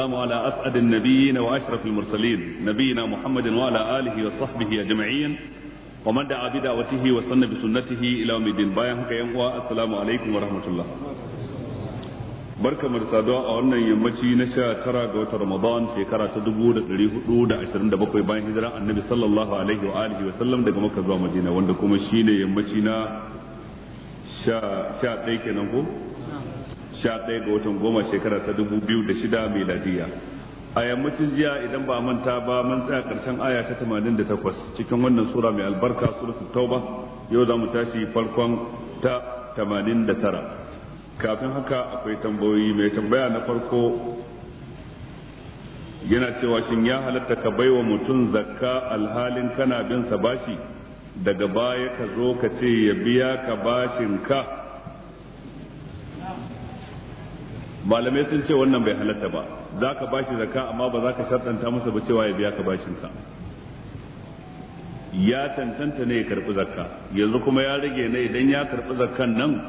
والسلام على أسعد النبيين وأشرف المرسلين نبينا محمد وعلى آله وصحبه أجمعين ومن دعا بدعوته وسن بسنته إلى يوم الدين بايعه كيما السلام عليكم ورحمة الله barka mu da saduwa a wannan yammaci na sha tara ga watan ramadan shekara ta dubu da ɗari hudu da ashirin da bakwai bayan hijiran annabi sallallahu alaihi wa alihi wa sallam daga makka zuwa madina wanda kuma shine yammaci na sha ɗaya kenan ko sha ga watan goma shekara ta dubu da shida miladiya a yammacin jiya idan ba manta ba mun tsaya ƙarshen aya ta tamanin da cikin wannan sura mai albarka suratul tauba yau za mu tashi farkon ta tamanin da tara kafin haka akwai tambayoyi mai tambaya na farko yana cewa shin ya halatta ka baiwa mutum zakka alhalin kana bin sa bashi daga baya ka zo ka ce ya biya ka bashin ka malamai sun ce wannan bai halatta ba za ka bashi zaka amma ba za ka shartanta masa ba cewa ya biya ka bashin ka ya tantanta ne ya karɓi zakka yanzu kuma ya rage ne idan ya karɓi zakkan nan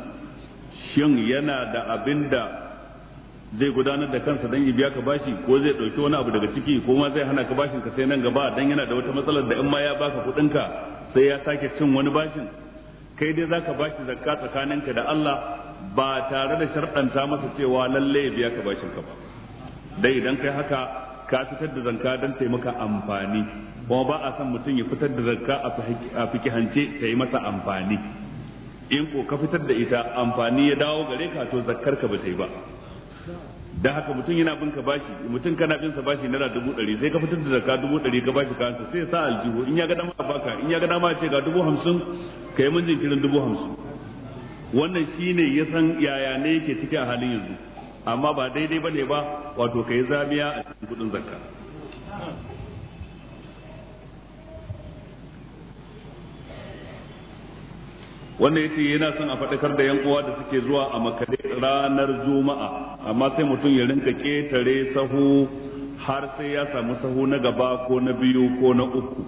shin yana da abin da zai gudanar da kansa dan ya biya ka bashi ko zai ɗauki wani abu daga ciki ko ma zai hana ka bashin ka sai nan gaba dan yana da wata matsalar da in ma ya baka kuɗin ka sai ya sake cin wani bashin kai dai zaka bashi zakka tsakaninka da Allah ba tare da sharɗanta masa cewa lalle biya ka bashin ka ba dai idan kai haka ka fitar da zanka don taimaka amfani kuma ba a son mutum ya fitar da zanka a fikihance ta yi masa amfani in ko ka fitar da ita amfani ya dawo gare ka to zakkar ka ba ta yi ba da haka mutum yana bin ka bashi mutum kana bin sa bashi naira dubu ɗari sai ka fitar da zakka dubu ɗari ka bashi ka sai ya sa aljihu in ya ga dama baka in ya ga dama ce ga dubu hamsin ka yi mun jinkirin dubu hamsin wannan shine ya san yaya ne yake ciki a halin yanzu amma ba daidai ba ne ba wato ka yi zamiya a cikin kudin zakka wannan yace yana son a faɗakar da yan uwa da suke zuwa a makare ranar juma'a amma sai mutum ya rinka ƙetare sahu har sai ya samu sahu na gaba ko na biyu ko na uku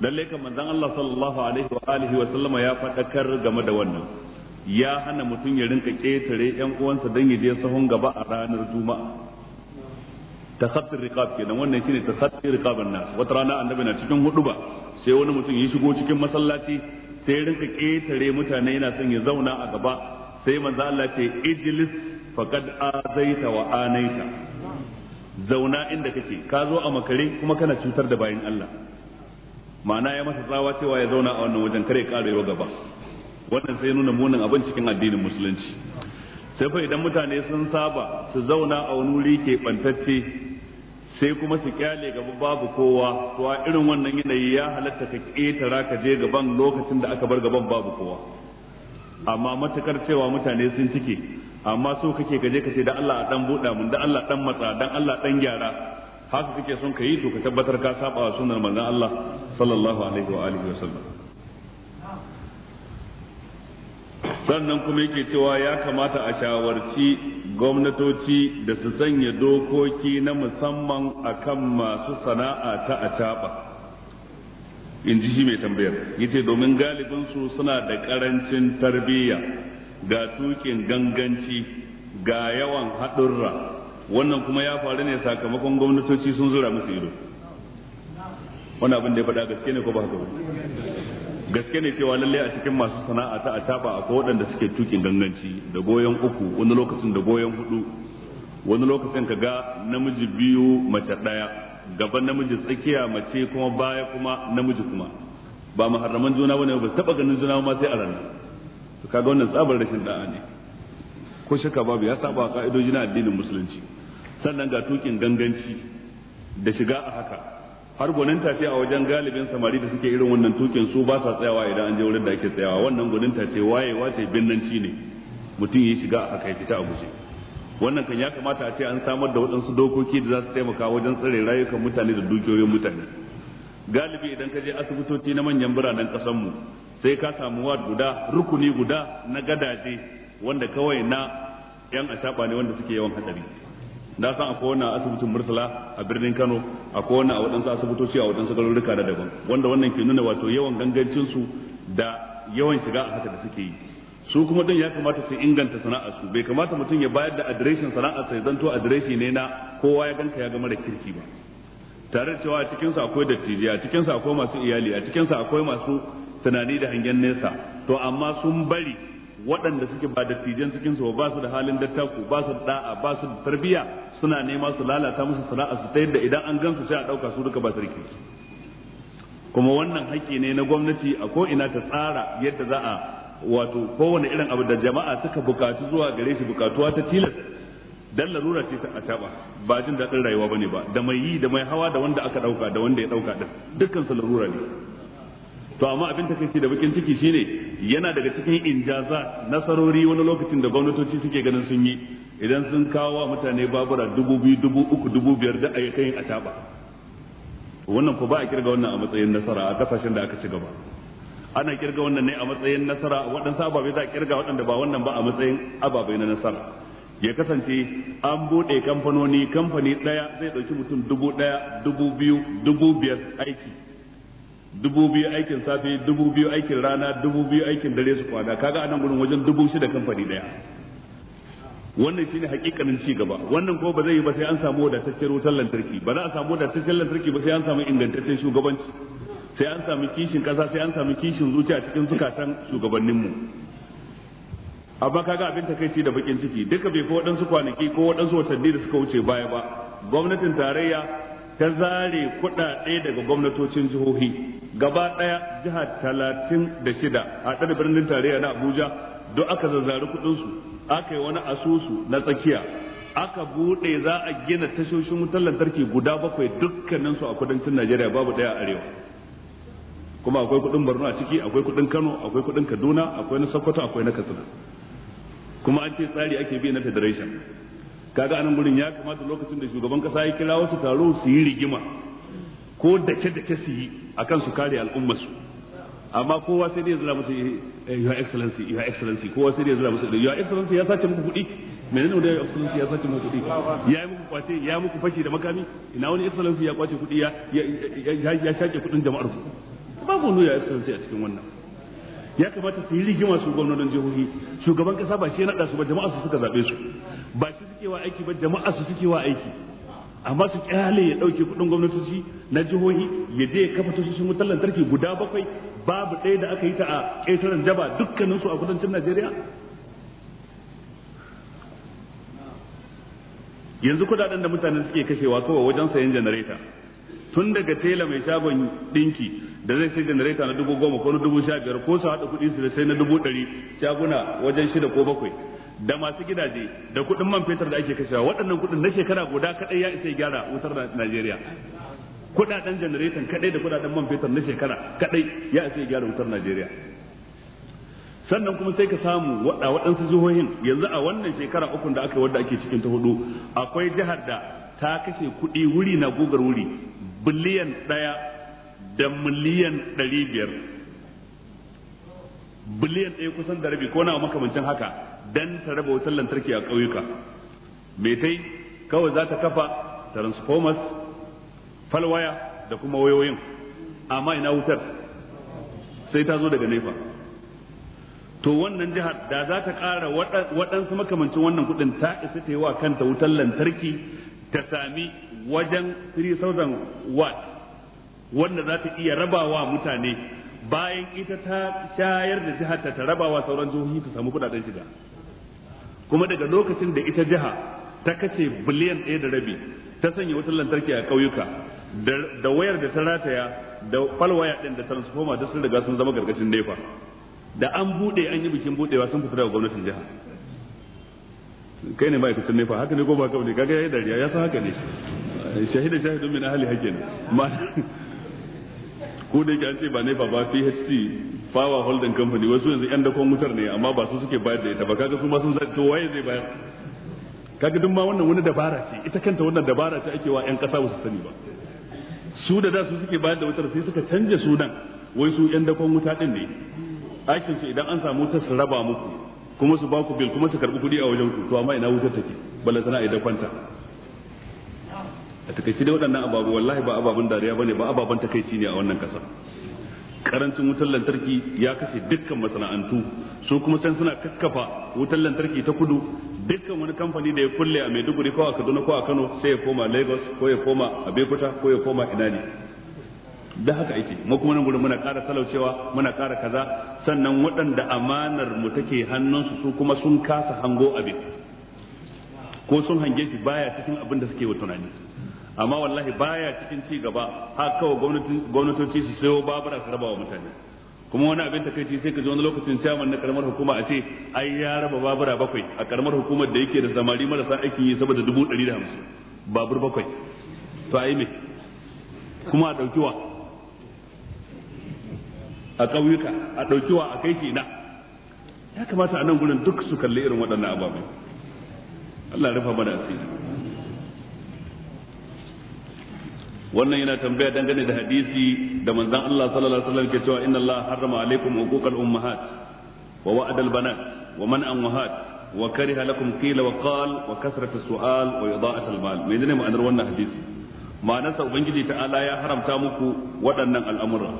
lalle kan manzon Allah sallallahu alaihi wa alihi wa sallama ya faɗakar game da wannan ya hana mutum ya rinka ƙetare yan uwansa don ya je sahun gaba a ranar juma'a rikab ke kenan wannan shine tasattir rikabin nasu. wata rana annabi na cikin ba sai wani mutum ya shigo cikin masallaci sai ya rinka ƙetare mutane yana son ya zauna a gaba sai maza Allah ce ijlis faqad azaita wa anaita zauna inda kake ka zo a makare kuma kana cutar da bayan Allah ma'ana ya masa tsawa cewa ya zauna a wannan wajen kare karewa gaba wannan sai nuna munin abin cikin addinin musulunci sai fa idan mutane sun saba su zauna a wani wuri ke bantacce sai kuma su kyale gaba babu kowa to a irin wannan yanayi ya halatta ka ketara ka je gaban lokacin da aka bar gaban babu kowa amma matakar cewa mutane sun cike amma so kake ka je ka ce da Allah a dan buɗa mun da Allah dan matsa dan Allah dan gyara haka kake son ka yi to ka tabbatar ka saba wa sunnar manzon Allah sallallahu alaihi wa alihi wa sannan kuma yake cewa ya kamata a shawarci gwamnatoci da su sanya dokoki na musamman akan masu sana'a ta acaba in ji shi mai tambayar yace domin galibinsu suna da karancin tarbiyya ga tukin ganganci ga yawan haɗurra wannan kuma ya faru ne sakamakon gwamnatoci sun zura musu ido wani abin da ya faɗa gaske ne ko ba haka ba gaske ne cewa lalle a cikin masu sana'a ta a a akwai waɗanda suke tukin ganganci da goyon uku wani lokacin da goyon hudu wani lokacin ka ga namiji biyu mace ɗaya gaban namiji tsakiya mace kuma baya kuma namiji kuma ba muharraman juna bane ba taba ganin juna ma sai a rana to kaga wannan tsabar rashin da'a ne ko shaka babu ya saba ka'idojin na addinin musulunci sannan ga tukin ganganci da shiga a haka har gwaninta ce a wajen galibin samari da suke irin wannan tukin su ba sa tsayawa idan an je wurin da ake tsayawa wannan gwaninta ce wayewa ce binnanci ne mutum ya shiga a kai fita a guje wannan kan ya kamata a ce an samar da waɗansu dokoki da za su taimaka wajen tsare rayukan mutane da dukiyoyin mutane galibi idan ka je asibitoci na manyan biranen mu sai ka samu wad guda rukuni guda na gadaje wanda kawai na yan asaba ne wanda suke yawan hatsari na san akwai wannan asibitin mursala a birnin kano akwai wannan a waɗansu asibitoci a waɗansu garuruka da daban wanda wannan ke nuna wato yawan gangancin su da yawan shiga a haka da suke yi su kuma din ya kamata su inganta sana'ar su bai kamata mutum ya bayar da adireshin sana'ar sa ya zanto adireshi ne na kowa ya ganka ya gama da kirki ba tare da cewa a cikin sa akwai dattijai a cikin sa akwai masu iyali a cikin sa akwai masu tunani da hangen nesa to amma sun bari waɗanda suke ba dattijan cikin su ba su da halin dattaku ba su da da'a ba su da tarbiyya suna nema su lalata musu sana'a su ta yadda idan an gansu sai a ɗauka su duka ba sarki kuma wannan haƙƙi ne na gwamnati a ko ina ta tsara yadda za a wato kowane irin abu da jama'a suka bukaci zuwa gare shi bukatuwa ta tilas dan larura ce ta a caba ba jin daɗin rayuwa bane ba da mai yi da mai hawa da wanda aka ɗauka da wanda ya ɗauka ɗin dukkan su larura ne to amma abin ta kai da bakin ciki shine yana daga cikin injaza nasarori wani lokacin da gwamnatoci suke ganin sun yi idan sun kawo wa mutane babura dubu biyu dubu uku dubu biyar da ayyukan yin acaba wannan ko ba a kirga wannan a matsayin nasara a kasashen da aka ci gaba ana kirga wannan ne a matsayin nasara waɗansu ababe za a kirga waɗanda ba wannan ba a matsayin ababai na nasara ya kasance an buɗe kamfanoni kamfani ɗaya zai ɗauki mutum dubu ɗaya dubu biyu dubu biyar aiki dubu biyu aikin safe dubu biyu aikin rana dubu biyu aikin dare su kwana kaga anan gurin wajen dubu shida kamfani daya wannan shine hakikanin ci gaba wannan ko ba zai yi ba sai an samu wadataccen wutar lantarki ba za a samu wadataccen lantarki ba sai an samu ingantaccen shugabanci sai an samu kishin kasa sai an samu kishin zuciya cikin zukatan shugabanninmu amma kaga abin takaici da bakin ciki duka bai fi waɗansu kwanaki ko waɗansu watanni da suka wuce baya ba gwamnatin tarayya ta zare kuɗaɗe daga gwamnatocin jihohi gaba ɗaya jihar talatin da shida a ɗan birnin tarayya na abuja don aka zazzari kuɗinsu aka yi wani asusu na tsakiya aka buɗe za a gina tashoshin wutar lantarki guda bakwai dukkaninsu a kudancin najeriya babu ɗaya arewa kuma akwai kuɗin borno a ciki akwai kuɗin kano akwai kuɗin kaduna akwai na sokoto akwai na katsina kuma an ce tsari ake bi na federation kaga anan gurin ya kamata lokacin da shugaban kasa ya kira wasu taro su yi rigima ko dake dake su yi akan su kare al'ummar su amma kowa sai dai zura musu eh, your excellency your excellency kowa sai dai zura musu your excellency ya sace muku kuɗi menene da your excellency ya sace muku kuɗi ya yi muku kwace ya muku fashi da makami ina wani excellency ya kwace kuɗi ya ya shake kuɗin jama'ar ku babu nuna your excellency a cikin wannan ya kamata su yi rigima su gwamnonin jihohi shugaban kasa ba shi ya naɗa su ba jama'a su suka zaɓe su ba shi suke wa aiki ba jama'a su suke wa aiki A su kyale ya dauke kudin gwamnatoci na jihohi ya je ya kafa tashoshin wutar lantarki guda bakwai babu ɗaya da aka yi ta a ƙetaren jaba dukkanin su a kudancin Najeriya yanzu kudaden da mutane suke kashewa kawai wajen sayan janareta tun daga tela mai shagon dinki da zai sai janareta na dubu goma ko na dubu sha biyar ko su haɗa kuɗi su da sai na dubu ɗari shaguna wajen shida ko bakwai da masu gidaje da kuɗin man fetur da ake kashewa waɗannan kudin na shekara guda kaɗai ya isa gyara wutar Najeriya kuɗaɗen janaretan kaɗai da kuɗaɗen man fetur na shekara kaɗai ya isa gyara wutar Najeriya sannan kuma sai ka samu a waɗansu jihohin yanzu a wannan shekara uku da aka wadda ake cikin ta hudu akwai jihar da ta kashe kuɗi wuri na gugar wuri biliyan ɗaya da miliyan ɗari biyar biliyan ɗaya kusan da rabi ko na makamancin haka dan ta raba wutar lantarki a ƙauyuka me tai kawai za ta kafa transformers falwaya da kuma wayoyin amma ina wutar sai ta zo daga nefa to wannan jihar da za ta ƙara waɗansu makamancin wannan kuɗin ta isa ta yi wa kanta wutar lantarki ta sami wajen 3000 watt wanda za ta iya rabawa mutane bayan ita ta shayar da jihar ta rabawa sauran jihohi ta samu kuɗaɗen shiga kuma daga lokacin da ita jiha ta kashe biliyan ɗaya da rabi ta sanya wutar lantarki a ƙauyuka da wayar da ta rataya da falwaya ɗin da transformer da sun riga sun zama gargashin nefa da an buɗe an yi bikin buɗewa sun fita daga gwamnatin jiha kai ne ma'aikacin nefa haka ne ko ba kawai kaga yayi dariya ya san haka ne shahida shahidun min ahli hakin ma ko da yake an ce ba nefa ba PhD power holding company wasu yanzu yan dakon wutar ne amma ba su suke bayar da ita ba kaga su ma sun to waye zai bayar kaga duk ma wannan wani dabara ce ita kanta wannan dabara ce ake wa yan kasa ba su sani ba su da da su suke bayar da wutar sai suka canja sunan wai su yan dakon wuta din ne aikin su idan an samu wutar su raba muku kuma su ba ku bil kuma su karbi kuɗi a wajen ku to amma ina wutar take balla tana idan kwanta a takaici dai waɗannan ababu wallahi ba ababun dariya bane ba ababan takaici ne a wannan kasar karancin wutar lantarki ya kashe dukkan masana'antu su kuma san suna kakkafa wutar lantarki ta kudu dukkan wani kamfani da ya kulle a Maiduguri ko a Kaduna ko a Kano sai ya koma Lagos ko ya koma Abeokuta ko ya koma ina ne da haka ake mu kuma nan gudun muna ƙara talaucewa muna ƙara kaza sannan waɗanda amanar mu take hannunsu su kuma sun kasa hango abin ko sun hange shi baya cikin abin da suke wa tunani amma wallahi baya cikin ci gaba har kawai gwamnatoci su sayo babura su raba wa mutane kuma wani abin takaici sai ka ji wani lokacin ciyaman na karamar hukuma a ce ai ya raba babura bakwai a karamar hukumar da yake da samari marasa aikin yi saboda dubu ɗari da hamsin babur bakwai to ai me kuma a ɗaukiwa a ƙauyuka a ɗaukiwa a kai shi na ya kamata a nan gurin duk su kalli irin waɗannan ababai Allah rufa mana asiri wannan yana tambaya dangane da hadisi da manzan Allah sallallahu alaihi wasallam ke cewa inna Allah harrama alaikum huquqal ummahat wa wa'adal banat wa man amwahat wa kariha lakum qila wa qal wa kasratu su'al wa ida'at al me ne ma'anar wannan hadisi ma'anarsa ubangiji ta'ala ya haramta muku waɗannan al'amura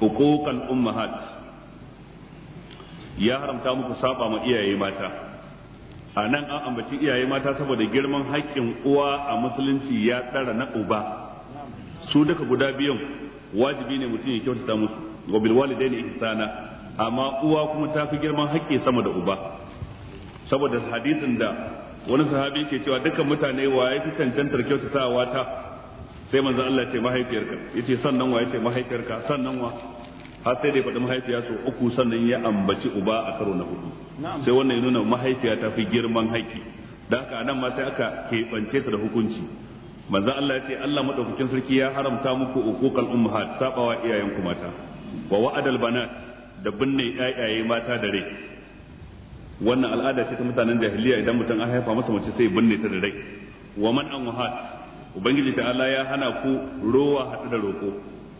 huquqal ummahat ya haramta muku saba ma iyaye mata a nan an ambaci iyaye mata saboda girman haƙƙin uwa a musulunci ya tsara na uba su duka guda biyan wajibi ne mutum ya kyautata musu wa bil walidaini ihsana amma uwa kuma ta fi girman haƙƙi sama da uba saboda hadisin da wani sahabi ke cewa dukkan mutane waye fi cancantar kyautatawa ta sai manzo Allah ce mahaifiyarka yace sannan wa ce mahaifiyarka sannan wa har sai da ya faɗi mahaifiya sau uku sannan ya ambaci uba a karo na hudu sai wannan ya nuna mahaifiya ta fi girman haƙƙi da haka nan ma sai aka keɓance ta da hukunci manzan Allah ya ce Allah maɗaukakin sarki ya haramta muku kal ummahat sabawa iyayen ku mata wa wa'adal banat da binne iyaye mata da rai wannan al'ada ce ta mutanen jahiliya idan mutum an haifa masa mace sai binne ta da rai wa man an ubangiji ta Allah ya hana ku rowa hada da roko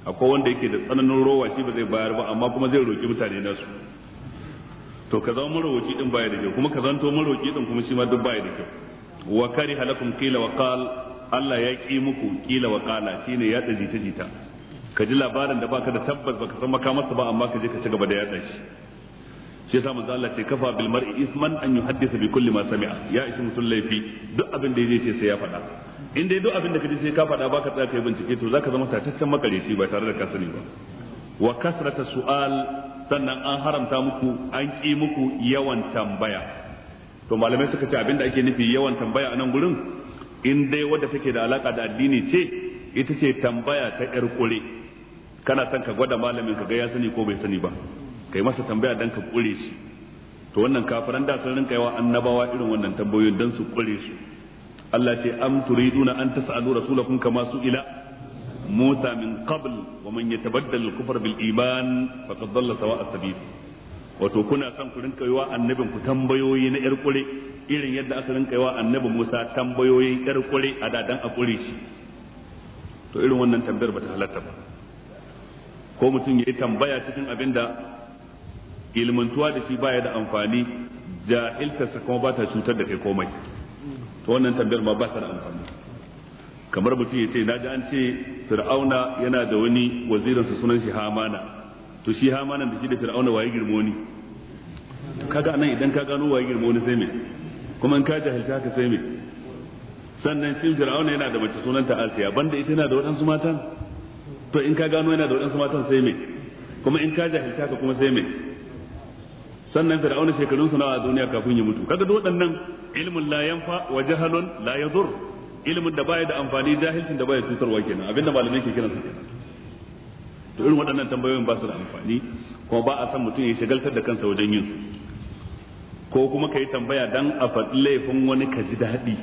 akwai wanda yake da tsananin rowa shi ba zai bayar ba amma kuma zai roƙi mutane nasu to ka zama marowaci din baya da kyau kuma ka zanto maroki din kuma shi ma duk baya da kyau wa kari halakum qila wa qal Allah ya ki muku qila wa qala shine ya tsaji jita jita ka ji labarin da baka da tabbas baka san makamarsa ba amma ka je ka ci gaba da yaɗa shi shi yasa manzo Allah ce kafa bil mar'i isman an yuhaddisa bi kulli ma sami'a ya ishi mutum laifi duk abin da yaje ce sai ya faɗa in dai duk abin da kaje sai ka faɗa baka tsaya kai bincike to zaka zama tataccen makareci ba tare da ka sani ba wa kasrata su'al sannan an haramta muku an ki muku yawan tambaya to malamai suka ce abin da ake nufi yawan tambaya a nan gurin in dai wadda take da alaka da addini ce ita ce tambaya ta yar kure kana son ka gwada malamin ka ga ya sani ko bai sani ba kai masa tambaya dan ka kure shi to wannan kafiran da sun rinka yawa annabawa irin wannan tambayoyin dan su kure su Allah ce am turiduna an tas'alu rasulakum kama ila Musa min qabl wa man yatabaddal al-kufr bil iman faqad dalla sawa'a sabil wato kuna son ku rinka wa annabin ku tambayoyi na yar kure irin yadda aka rinka wa annabi Musa tambayoyin yar kure a dadan a kure shi to irin wannan tambayar bata halatta ba ko mutum yayi tambaya cikin abin da ilmantuwa da shi baya da amfani jahiltarsa kuma ba ta cutar da kai komai to wannan tambayar ma ba ta da amfani kamar mutum ya ce naji an ce fir'auna yana da wani wazirinsa sunan shi hamana to shi hamana da shi da fir'auna waye girmo ni kaga nan idan ka gano waye girmo ni sai me kuma in ka jahilta haka sai me sannan shi fir'auna yana da mace sunanta asiya banda ita yana da waɗansu matan to in ka gano yana da waɗansu matan sai me kuma in ka jahilta haka kuma sai me sannan fir'auna shekarun sa nawa a duniya kafin ya mutu kaga waɗannan ilmun la yanfa wa jahalun la yadur ilmin da baya da amfani jahilcin da baya cutarwa kenan abinda malamai ke kiransa kenan to irin waɗannan tambayoyin ba su da amfani kuma ba a san mutum ya shagaltar da kansa wajen yin su ko kuma ka yi tambaya dan a faɗi laifin wani ka ji daɗi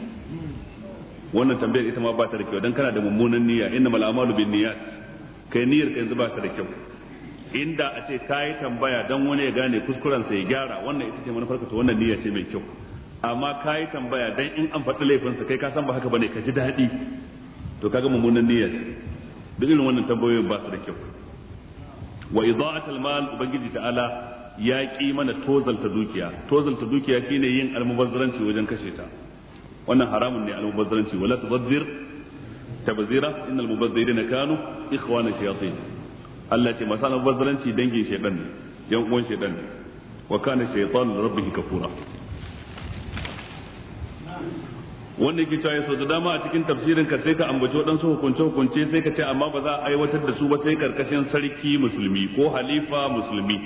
wannan tambayar ita ma ba ta da kyau dan kana da mummunan niyya innamal a'malu niyyat kai niyyar ka yanzu ba ta da kyau inda a ce ka yi tambaya don wani ya gane kuskurensa ya gyara wannan ita ce manufar to wannan niyya ce mai kyau amma ka yi tambaya don in an faɗi laifinsa kai ka san ba haka bane ka ji daɗi to kaga mummunan niyya ce duk irin wannan tambayoyin ba su da kyau wa ida'atul mal ubangiji ta'ala ya ƙi mana tozalta dukiya tozalta dukiya shine yin almubazzaranci wajen kashe ta wannan haramun ne almubazzaranci wala tubazzir tabzira innal mubazzirina kanu ikhwana shayatin Allah ce masalan bazaranci dangin shaidan ne yan uwan shaidan ne wa kana shaytan rabbihi kafura wanda yake cewa sau da dama a cikin tafsirin ka sai ka ambaci waɗansu hukunce hukunce sai ka ce amma ba za a aiwatar da su ba sai karkashin sarki musulmi ko halifa musulmi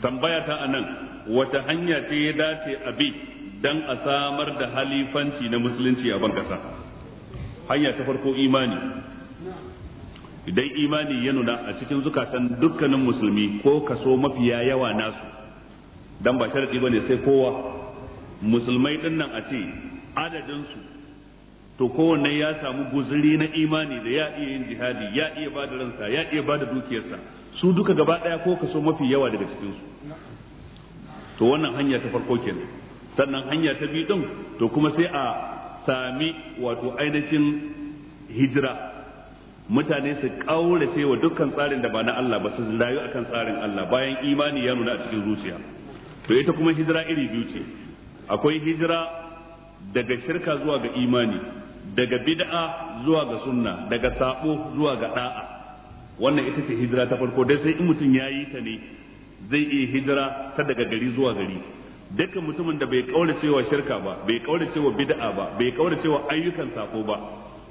tambaya ta nan, wata hanya ce ya dace a bi dan a samar da halifanci na musulunci a ban hanya ta farko imani idan imani ya nuna a cikin zukatan dukkanin musulmi ko kaso mafiya yawa nasu dan ba sharadi bane sai kowa musulmai din nan a ce adadin su to kowanne ya samu guzuri na imani da ya iya yin jihadi ya iya ba da ransa ya iya ba da dukiyarsa su duka gaba daya ko kaso mafi yawa daga cikinsu. to wannan hanya ta farko kenan sannan hanya ta biyu din to kuma sai a sami wato ainihin hijira mutane su kaurace wa dukkan tsarin da ba na Allah ba su rayu akan tsarin Allah bayan imani ya nuna a cikin zuciya to ita kuma hijira iri biyu ce akwai hijira daga shirka zuwa ga imani daga bid'a zuwa ga sunna daga sabo zuwa ga da'a wannan ita ce hijira ta farko dai sai in mutum ya yi ta ne zai iya hijira ta daga gari zuwa gari dukkan mutumin da bai kaurace wa shirka ba bai kaurace wa bid'a ba bai kaurace wa ayyukan sabo ba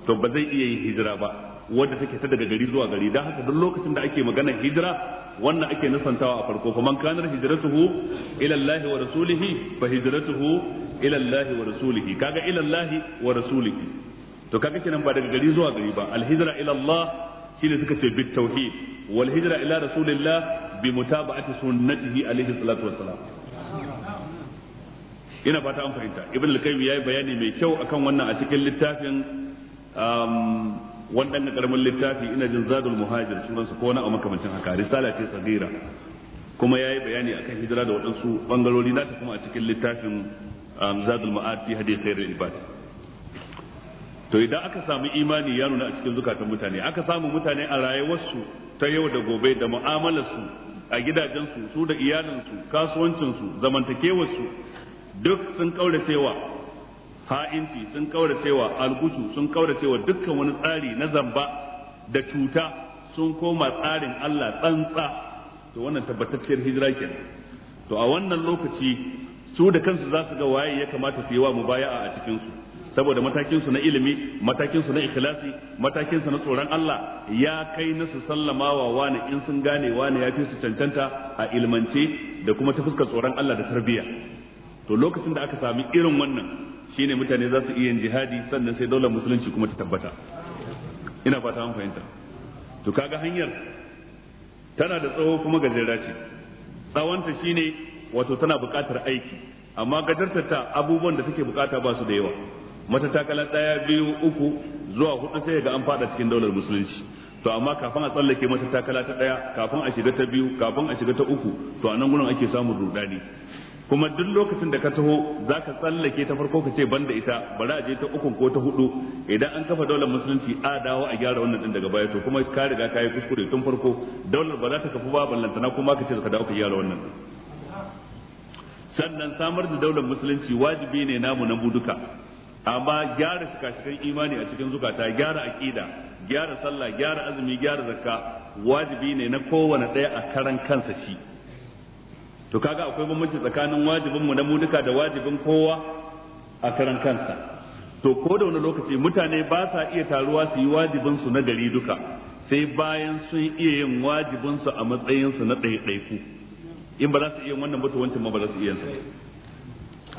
to ba zai iya yin hijira ba wadda take ta daga gari zuwa gari dan haka duk lokacin da ake magana hijira wannan ake nufantawa a farko fa kanar hijratuhu ila Allah wa rasulihi fa hijratuhu ila Allah wa rasulihi kaga ila Allah wa rasulihi to kaga kenan ba daga gari zuwa gari ba al hijra ila Allah shine suka ce bit tauhid wal hijra ila rasulillah bi mutaba'ati sunnatihi alaihi salatu wassalam ina fata an fahimta ibn al-qayyim yayi bayani mai kyau akan wannan a cikin littafin um, wannan karamin littafi ina jin zadul muhajir sunansa ko na a makamancin haka risala ce tsagira kuma yayi bayani akan hijira da waɗansu bangarori nata kuma a cikin littafin um, zadul ma'ad fi hadi khairul ibad to idan aka samu imani ya nuna a cikin zukatan mutane aka samu mutane a rayuwarsu ta yau da gobe da mu'amalarsu a gidajensu su da iyalinsu kasuwancinsu zamantakewarsu duk sun kauracewa ha'inci sun cewa algusu sun cewa dukkan wani tsari na zamba da cuta sun koma tsarin Allah tsantsa to wannan tabbatacciyar hijira kenan to a wannan lokaci su da kansu za su ga waye ya kamata su yi wa mubaya'a a cikin su saboda matakin su na ilimi matakin su na ikhlasi matakin su na tsoron Allah ya kai nasu sallama sallamawa wani in sun gane wani ya fi su cancanta a ilmance da kuma ta fuskar tsoron Allah da tarbiyya to lokacin da aka sami irin wannan shine mutane za su iya jihadi sannan sai daular musulunci kuma ta tabbata ina fata ta fahimta to kaga hanyar tana da tsawo kuma gajera ce tsawonta shine wato tana buƙatar aiki amma gajartar ta abubuwan da take bukata ba su da yawa matatakala ɗaya biyu uku zuwa hudu sai ga an fada cikin daular musulunci to amma kafin a tsallake matatakala takala ta ɗaya kafin a shiga ta biyu kafin a shiga ta uku to a nan gurin ake samun rudani kuma duk lokacin da ka taho za ka tsallake ta farko ka ce banda ita bari a je ta uku ko ta hudu idan an kafa daular musulunci a dawo a gyara wannan din daga baya to kuma ka riga ka yi kuskure tun farko daular ba za ta kafu ba ballantana kuma ka ce ka dawo ka gyara wannan din sannan samar da daular musulunci wajibi ne namu na buduka, amma gyara kashikan imani a cikin zukata gyara aqida gyara sallah gyara azumi gyara zakka wajibi ne na kowane ɗaya a karan kansa shi to kaga akwai bambanci tsakanin wajibin mu na mu duka da wajibin kowa a karan kansa to ko da wani lokaci mutane ba sa iya taruwa su yi wajibin su na gari duka sai bayan sun iya yin wajibin su a matsayin su na ɗaiɗaiku in ba za su iya wannan ba to wancan ma ba za su iya sa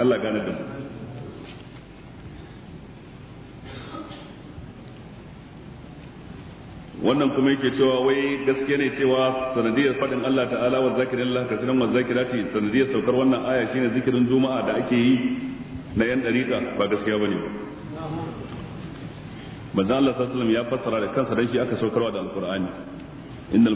Allah gane da mu wannan kuma yake cewa wai gaske ne cewa sanadiyar faɗin Allah ta'ala wa zakirin Allah kasiran wa zakirati sanadiyar saukar wannan aya shine zikirin juma'a da ake yi na yan dariƙa ba gaskiya bane ba manzo Allah sallallahu alaihi ya fassara da kansa dan shi aka saukarwa da alqur'ani innal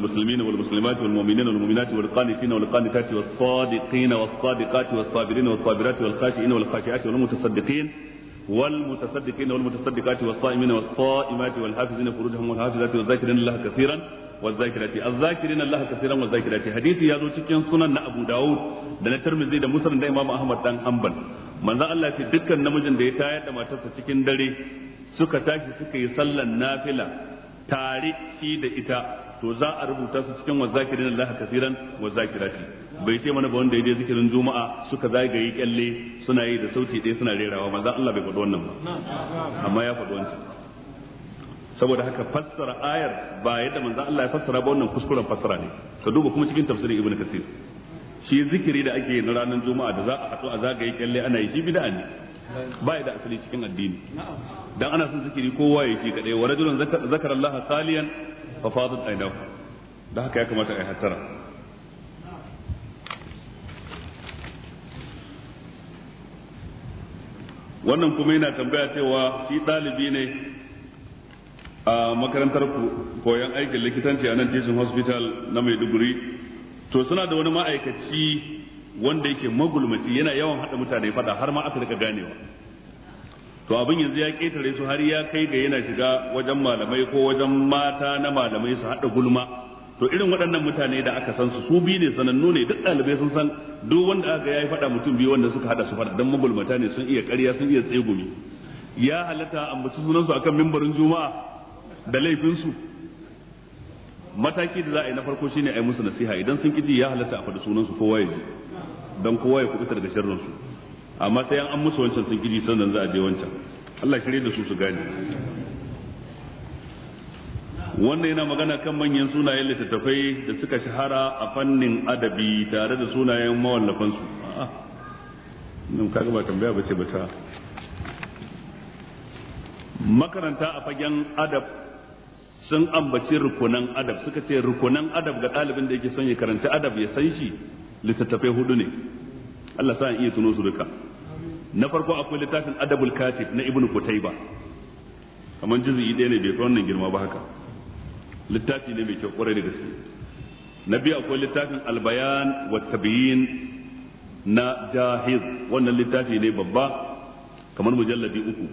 والمتصدقين والمتصدقات والصائمين والصائمات والحافظين فروجهم والحافظات والذاكرين الله كثيرا والذاكرات الذاكرين الله كثيرا والذاكرات حديث يا ذو cikin sunan na Abu Dawud da na Tirmidhi da Muslim da Imam Ahmad dan Hanbal manzo Allah ce dukkan namijin da ya tayar da matarsa cikin dare suka tashi suka yi sallan nafila tare shi da ita to za a rubuta su cikin kasiran bai ce mana ba wanda ya je zikirin juma'a suka zagaye kyalle suna yi da sauti ɗaya suna rerawa manzon Allah bai faɗi wannan ba amma ya faɗi wancan saboda haka fassara ayar ba yadda manzon Allah ya fassara ba wannan kuskuren fassara ne ka duba kuma cikin tafsirin ibnu kasir shi zikiri da ake na ranar juma'a da za a haɗu a zagaye kyalle ana yi shi bid'a ne ba da asali cikin addini dan ana son zikiri kowa ya shi kadai wa rajulun zakara Allah saliyan fa fadat aidahu da haka ya kamata a yi hattara wannan kuma yana tambaya cewa shi ɗalibi ne a makarantar koyon aikin likitanci a nan teaching hospital na maiduguri to suna da wani ma'aikaci wanda yake magulmaci yana yawan haɗa mutane fada har ma aka rika ganewa to abin yanzu ya ƙetare su har ya kai ga yana shiga wajen malamai ko wajen mata na malamai su haɗa gulma to irin waɗannan mutane da aka san su su biyu ne sanannu ne duk ɗalibai sun san duk wanda aka yayi faɗa mutum biyu wanda suka haɗa su faɗa dan magulmata ne sun iya ƙarya sun iya tsegumi ya halatta ambaci sunan su akan mimbarin juma'a da laifin su mataki da za a yi na farko shine a yi musu nasiha idan sun kiji ya halatta a faɗi sunan su kowa ya ji dan kowa ya kubuta daga sharrin su amma sai an musu wancan sun kiji sannan za a je wancan Allah shirye da su su gane wannan yana magana kan manyan sunayen littattafai da suka shahara a fannin adabi tare da sunayen mawallafansu a'a nan kaga ba tambaya ba ta makaranta a fagen adab sun ambaci rukunan adab suka ce rukunan adab ga ɗalibin da yake son ya karanci adab ya san shi littattafai hudu ne Allah sa iya tuno su duka na farko akwai littafin adabul katib na ibnu kutaiba kamar juzu'i ɗaya ne bai fi wannan girma ba haka littafi ne mai kyau kwarai da gaske na biyu akwai littafin albayan wa tabiyin na jahiz wannan littafi ne babba kamar mujalladi uku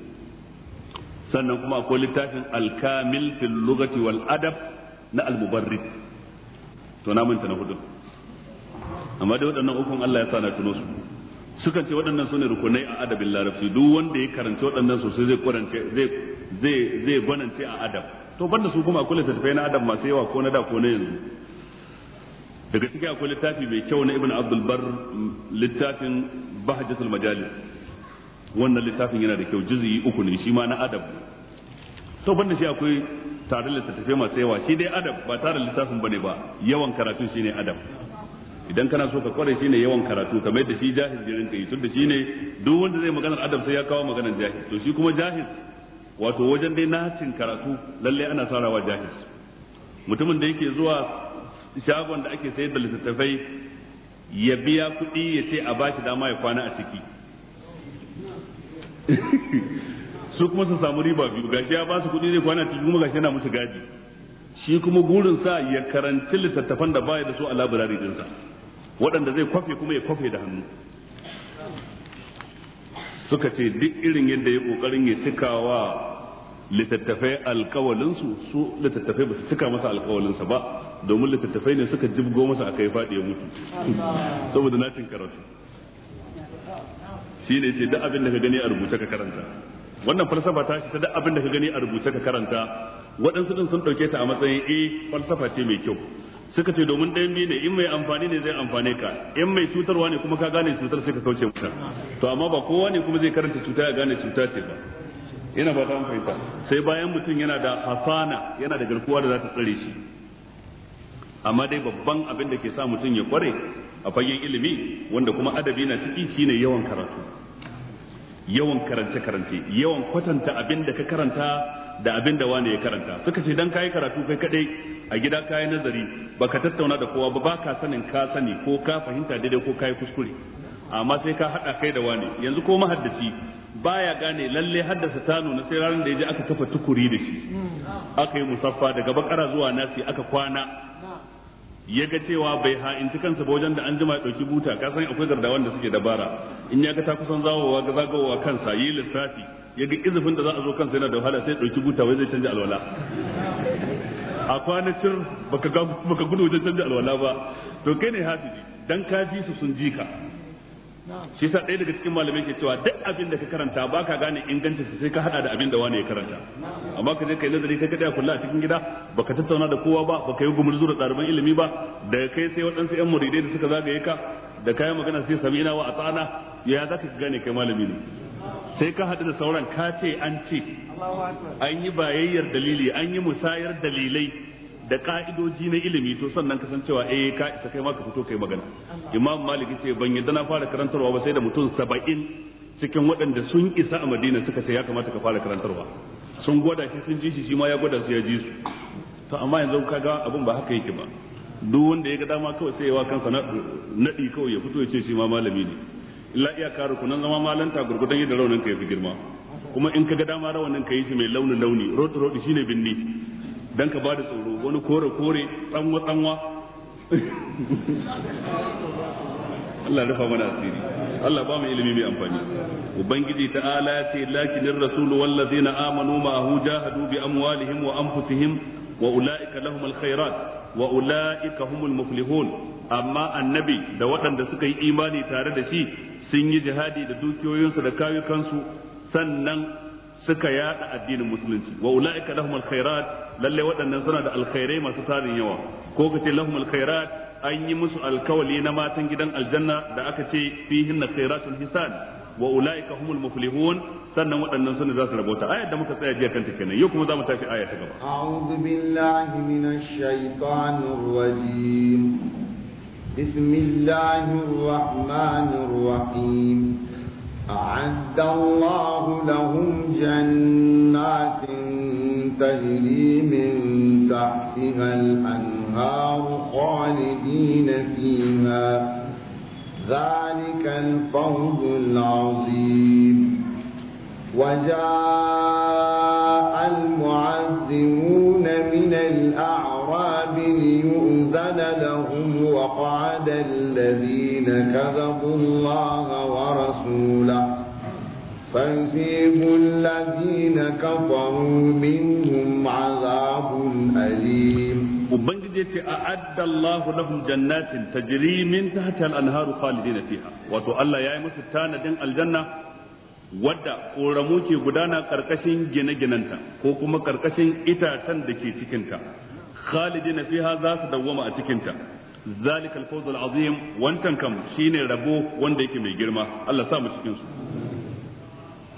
sannan kuma akwai littafin alkamil fil lugati wal adab na almubarrid to na mun na hudu amma da waɗannan ukun Allah ya sa na tuno su sukan ce waɗannan su ne rukunai a adabin larabci duk wanda ya karanci waɗannan su sai zai zai zai gwanance a adab to banda su kuma akwai littattafai na adam masu yawa ko na da ko na yanzu daga ciki akwai littafi mai kyau na ibn abdul bar littafin bahjatul majalis wannan littafin yana da kyau jizi uku ne shi ma na adam. to banda shi akwai tare littattafai masu yawa shi dai adam ba tare littafin bane ba yawan karatun shine adam idan kana so ka kware shine yawan karatu kamar yadda shi jahil jirin kai tunda shine duk wanda zai maganar adam sai ya kawo maganar jahil to shi kuma jahil. wato wajen dai nacin karatu lalle ana sarawa jahis mutumin da yake zuwa shagon da ake sayar da littattafai ya biya kuɗi ya ce a bashi dama ya kwana a ciki su kuma su samu riba biyu gashi ya ba su kuɗi zai kwana ciki kuma gashi yana musu gadi shi kuma sa ya karanci littattafan da baya da su a labirari dinsa waɗanda zai kwafe kuma ya kwafe da hannu suka ce duk irin yadda ya kokarin ya cika wa littattafai alkawalinsu su littattafai ba su cika masa alkawalinsa ba domin littattafai ne suka jibgo masa aka yi faɗi ya mutu saboda nacin karatu shi ne ce duk abin da ka gani a rubuce ka karanta wannan falsafa ta shi ta duk abin da ka gani a rubuce ka karanta waɗansu ɗin sun ɗauke ta a matsayin eh falsafa ce mai kyau suka ce domin ɗayan biyu ne in mai amfani ne zai amfane ka in mai cutarwa ne kuma ka gane cutar sai ka kauce mata to amma ba kowa ne kuma zai karanta cuta ya gane cuta ce ba ina ba ta fahimta sai bayan mutum yana da hasana yana da garkuwa da za ta tsare shi amma dai babban abin da ke sa mutum ya kware a fagen ilimi wanda kuma adabi na ciki shine yawan karatu yawan karance karance yawan kwatanta abin da ka karanta da abin da wane ya karanta suka ce dan kayi karatu kai kadai a gida kai nazari baka tattauna da kowa ba ka sanin ka sani ko ka fahimta daidai ko kayi kuskure amma sai ka hada kai da wane yanzu ko mahaddaci baya gane lalle haddasa tano nuna sai ranar da ya je aka tafa tukuri da shi aka yi musaffa daga bakara zuwa nasi aka kwana ya ga cewa bai ha'inci kansa ba wajen da an jima ɗauki buta ka san akwai gardawan da suke dabara in ya ga ta kusan zawowa ga zagawowa kansa yi lissafi ya ga izufin da za a zo kansa yana da wahala sai ɗauki buta wai zai canja alwala a kwanacin baka gudu wajen canja alwala ba to kai ne hafizi dan ka ji su sun ji ka shi sa ɗaya daga cikin malamai ke cewa duk abin da ka karanta ba ka gane ingancin sai ka hada da abin da wani ya karanta amma ka je ka kai nazari kai kada kula a cikin gida baka tattauna da kowa ba baka yi gumurzu da ɗaliban ilimi ba da kai sai waɗansu ƴan muridai da suka zagaye ka da kayan magana sai sami ina wa a tsana ya za ka gane kai malami ne sai ka haɗu da sauran ka ce an ce an yi bayayyar dalili an yi musayar dalilai da ka'idoji na ilimi to sannan kasancewa eh ka isa kai ma ka fito kai magana imam malik ce ban yadda na fara karantarwa ba sai da mutum saba'in cikin waɗanda sun isa a madina suka ce ya kamata ka fara karantarwa sun gwada shi sun ji shi shi ma ya gwada su ya ji su to amma yanzu ga abin ba haka yake ba duk wanda ya ga dama kawai sai ya wa kansa naɗi kawai ya fito ya ce shi ma malami ne la iya ka rukunan zama malanta gurgudan yadda raunin ka yafi girma kuma in ka ga dama rawanin ka yi shi mai launin launi rodi rodi shine binni dan ka bada tsoro wani kore kore tsanwa tsanwa Allah rufa mana asiri Allah ba mu ilimi mai amfani ubangiji ta'ala ya ce lakinin rasulu wallazina amanu ma'ahu jahadu bi amwalihim wa anfusihim wa ulaika lahumul khairat wa ulaika humul muflihun amma annabi da waɗanda suka yi imani tare da shi sun yi jihadi da dukiyoyinsu da kayukansu sannan suka yada addinin musulunci wa ulaika lahum alkhairat lalle waɗannan suna da alkhairai masu tarin yawa ko kace lahum alkhairat an yi musu alkawali na matan gidan aljanna da aka ce fihinna khairatul hisan wa ulaika humul muflihun sannan waɗannan sune za su rabota ayar da muka tsaya jiya take kenan yau kuma za mu tashi aya ta gaba a'udhu billahi minash shaitanir rajim بسم الله الرحمن الرحيم أعد الله لهم جنات تجري من تحتها الأنهار خالدين فيها ذلك الفوز العظيم وجاء المعذرون من الأعراض أذن لهم وقعد الذين كذبوا الله ورسوله سيصيب الذين كفروا منهم عذاب أليم وبنجدتي أعد الله لهم جنات تجري من تحتها الأنهار خالدين فيها وتو الله يا مستانا دين الجنة wadda ƙoramu ke gudana ƙarƙashin gine-ginanta ko kuma ƙarƙashin itacen da ke cikinta khalidina fiha za su dawwama a cikin ta zalika al-fawz azim wancan kam shine rabo wanda yake mai girma Allah ya ce waje su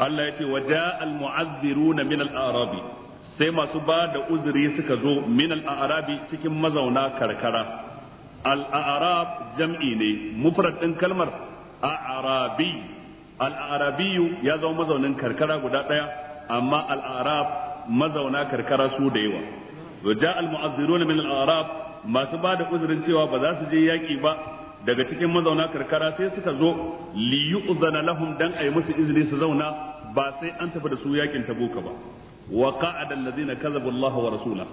Allah yace waja al sai masu ba da uzuri suka zo minal al-a'rabi cikin mazauna karkara al jam'i ne mufrad din kalmar a'rabi al ya zama mazaunin karkara guda ɗaya, amma al'arab mazauna karkara su da yawa waja al mu'azzirun min al arab masu ba da uzurin cewa ba za su je yaki ba daga cikin mazauna karkara sai suka zo li yu'zana lahum dan ayi musu izini su zauna ba sai an tafi da su yakin tabuka ba wa qa'ada allazina kazabu Allah wa rasula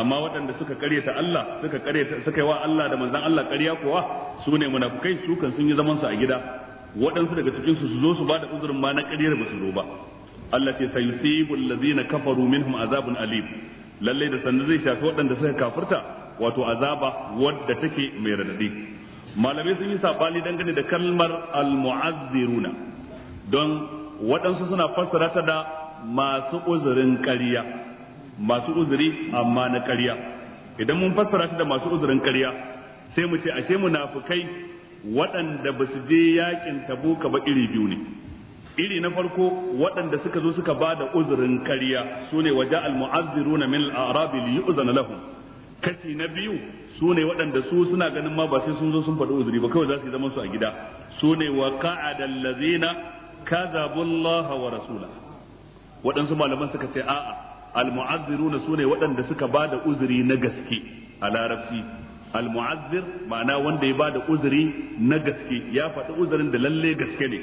amma waɗanda suka karyata Allah suka karyata suka yi wa Allah da manzon Allah ƙarya kuwa su ne munafukai su kan sun yi zaman su a gida waɗansu daga cikin su su zo su bada uzurin ma na ƙaryar ba su zo ba Allah ce sayusibu allazina kafaru minhum azabun alim Lallai da sannu zai shafi waɗanda suka kafirta wato azaba wadda take mai radadi malamai sun yi sabani dangane da kalmar almu'azziruna don waɗansu suna fassara ta da masu uzurin ƙarya masu uzuri amma na ƙarya idan mun fassara ta da masu uzurin ƙarya sai mu ce ashe munafukai waɗanda ba su je yakin tabuka ba iri biyu ne iri na farko waɗanda suka zo suka ba da uzurin kariya su ne waje na min al-arabi li yu'zana lahum kashi na biyu su ne waɗanda su suna ganin ma ba sai sun zo sun faɗi uzuri ba kawai za su yi zaman su a gida su ne wa qa'adal allazina kadzabu Allah wa rasula waɗansu malaman suka ce a'a almu'azziruna su ne waɗanda suka ba da uzuri na gaske a larabci almu'azzir ma'ana wanda ya ba da uzuri na gaske ya faɗi uzurin da lalle gaske ne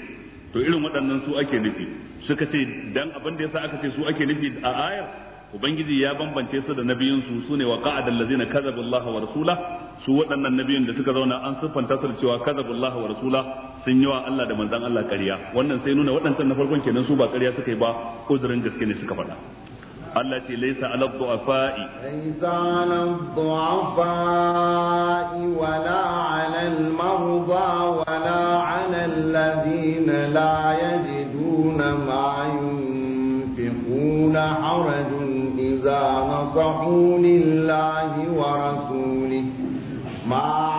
to irin waɗannan su ake nufi suka ce dan abin da yasa aka ce su ake nufi a ayar ubangiji ya bambance su da nabiyin su sune wa qa'ada allazina kadzabu Allah wa rasula su waɗannan nabiyin da suka zauna an siffanta su cewa kadzabu Allah wa rasula sun yi wa Allah da manzon Allah ƙarya wannan sai nuna waɗancan na farkon kenan su ba ƙarya suka yi ba uzurin gaske ne suka faɗa Allah ce laisa ala du'afa'i laisa ala du'afa'i wala ala al-marda wala ala الذين لا يجدون ما ينفقون حرج إذا نصحوا لله ورسوله ما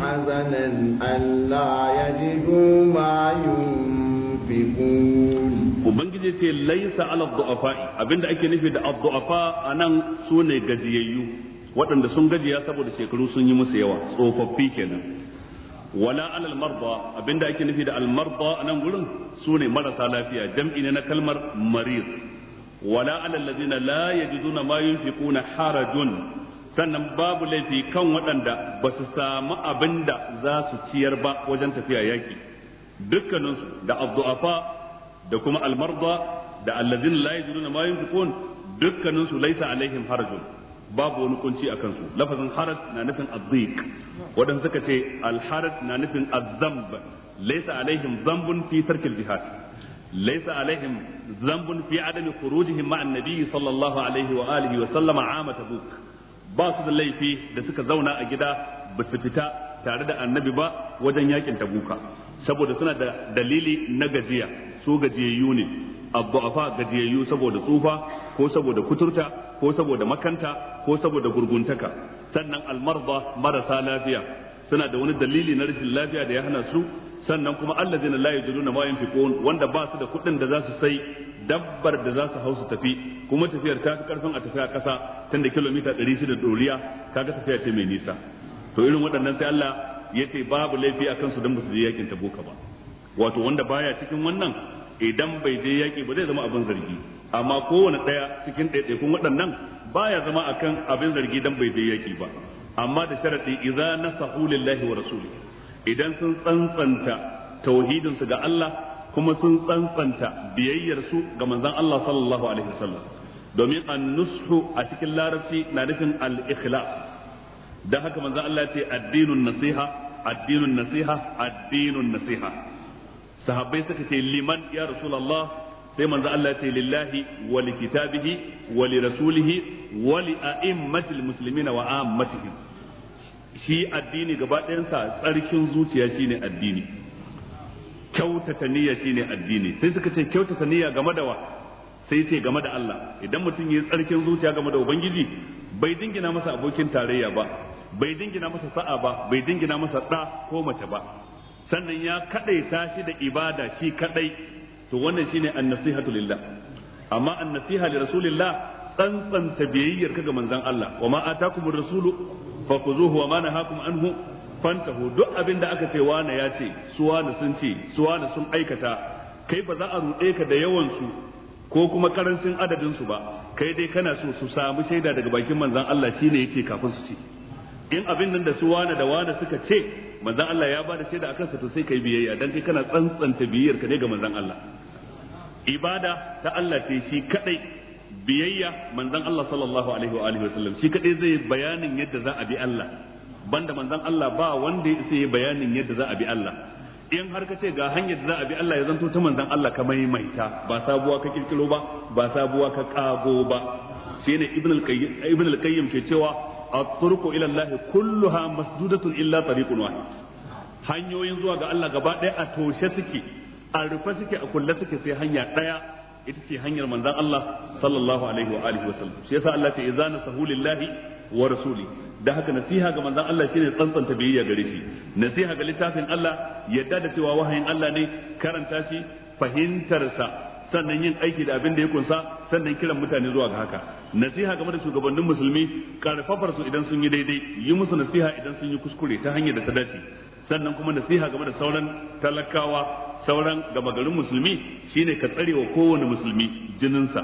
حزنا ألا يجدوا ما ينفقون ubangiji ce laisa ala du'afa'i abinda ake nufi da addu'afa anan su ne gajiyayyu waɗanda sun gajiya saboda shekaru sun yi musu yawa tsofaffi kenan wala alal marda abinda ake nufi da al marda anan gurin su ne marasa lafiya jam'i ne na kalmar Marir. wala alal ladina la yajiduna ma yunfiquna harajun sannan babu laifi kan waɗanda ba su samu abin da za su ciyar ba wajen tafiya yaƙi dukkaninsu da abdu'afa da kuma almarda da allazin la yajiduna ma yunfiqun dukkaninsu laisa alaihim harajun babu wani kunci a kansu lafazin haraj na nufin adzik wadanda suka ce alharaj na nufin azzamb laisa alaihim zambun fi sarkin jihad laisa alaihim zambun fi adami khurujihim ma'an nabiyyi sallallahu alaihi wa alihi wa sallama amata tabuk ba su da laifi da suka zauna a gida ba su fita tare da annabi ba wajen yakin tabuka saboda suna da dalili na gajiya su gajiyayyu ne abdu'afa gajiyayyu saboda tsufa ko saboda kuturta ko saboda makanta ko saboda gurguntaka sannan almarba marasa lafiya suna da wani dalili na rashin lafiya da ya hana su sannan kuma Allah allazina la na mayan fikon wanda ba su da kuɗin da za su sai dabbar da za su hau su tafi kuma tafiyar ta fi karfin a tafiya ƙasa da kilomita 600 doriya kaga tafiya ce mai nisa to irin waɗannan sai Allah ya ce babu laifi a kansu don ba su je yakin tabuka ba wato wanda baya cikin wannan idan bai je yaki ba zai zama abin zargi amma kowane ɗaya cikin ɗaiɗaikun waɗannan baya zama akan abin zargi dan bai je yaki ba amma da sharadi idza nasahu lillahi wa rasulihi idan sun tsantsanta tauhidinsu ga Allah kuma sun tsantsanta biyayyarsu ga manzon Allah sallallahu alaihi wasallam domin an-nushu a cikin larabci na nufin al-ikhlas dan haka manzon Allah ya ce addinun nasiha addinun nasiha addinun nasiha sahabbai suka ce liman ya rasulullah sai manza Allah ce lillahi wa likitabihi wa rasulihi, wa li a'immatil muslimina wa ammatihim shi addini gabaɗayansa tsarkin zuciya shine addini kyautata niyya shine addini sai suka ce kyautata niyya game da wa sai ce game da Allah idan mutum yayi tsarkin zuciya game da ubangiji bai dingina masa abokin tarayya ba bai dingina masa sa'a ba bai dingina masa ɗa ko mace ba sannan ya kadaita shi da ibada shi kadai to wannan shine an lillah amma an-nasiha li rasulillah tsantsanta biyayyar ga manzon Allah wa ma atakumur rasulu fa khuzuhu wa ma hakum anhu fantahu duk abin da aka ce wane ya ce su wane sun ce su wane sun aikata kai ba za a ruɗe ka da yawan su ko kuma karancin adadin su ba kai dai kana so su samu shaida daga bakin manzon Allah shine yace kafin su ce in abin nan da su wane da wane suka ce manzon Allah ya bada shaida akan sa to sai kai biyayya dan kai kana tsantsanta biyayyar ka ne ga manzon Allah ibada ta Allah ce shi kadai biyayya manzon Allah sallallahu alaihi wa alihi wasallam shi kadai zai bayanin yadda za a bi Allah banda manzon Allah ba wanda ya yi bayanin yadda za a bi Allah in har ka ce ga hanyar da za a bi Allah ya zanto ta manzon Allah ka maimaita ba sabuwa ka kirkiro ba ba sabuwa ka kago ba shine ibn al ibn al-qayyim ke cewa at-turqu ila Allah kulluha masdudatun illa tariqun wahid hanyoyin zuwa ga Allah gaba ɗaya a toshe suke a rufe suke a kulle suke sai hanya ɗaya ita ce hanyar manzan Allah sallallahu alaihi wa alihi wasallam shi yasa Allah ce idza nasahu lillahi wa rasuli da haka nasiha ga manzan Allah shine tsantsanta biyayya gare shi nasiha ga littafin Allah yadda da cewa wahayin Allah ne karanta shi fahimtarsa sannan yin aiki da abin da ya kunsa sannan kiran mutane zuwa ga haka nasiha game da shugabannin musulmi karfafar su idan sun yi daidai yi musu nasiha idan sun yi kuskure ta hanyar da ta dace sannan kuma nasiha game da sauran talakawa sauran gama garin musulmi shine ka tsare wa kowane musulmi jininsa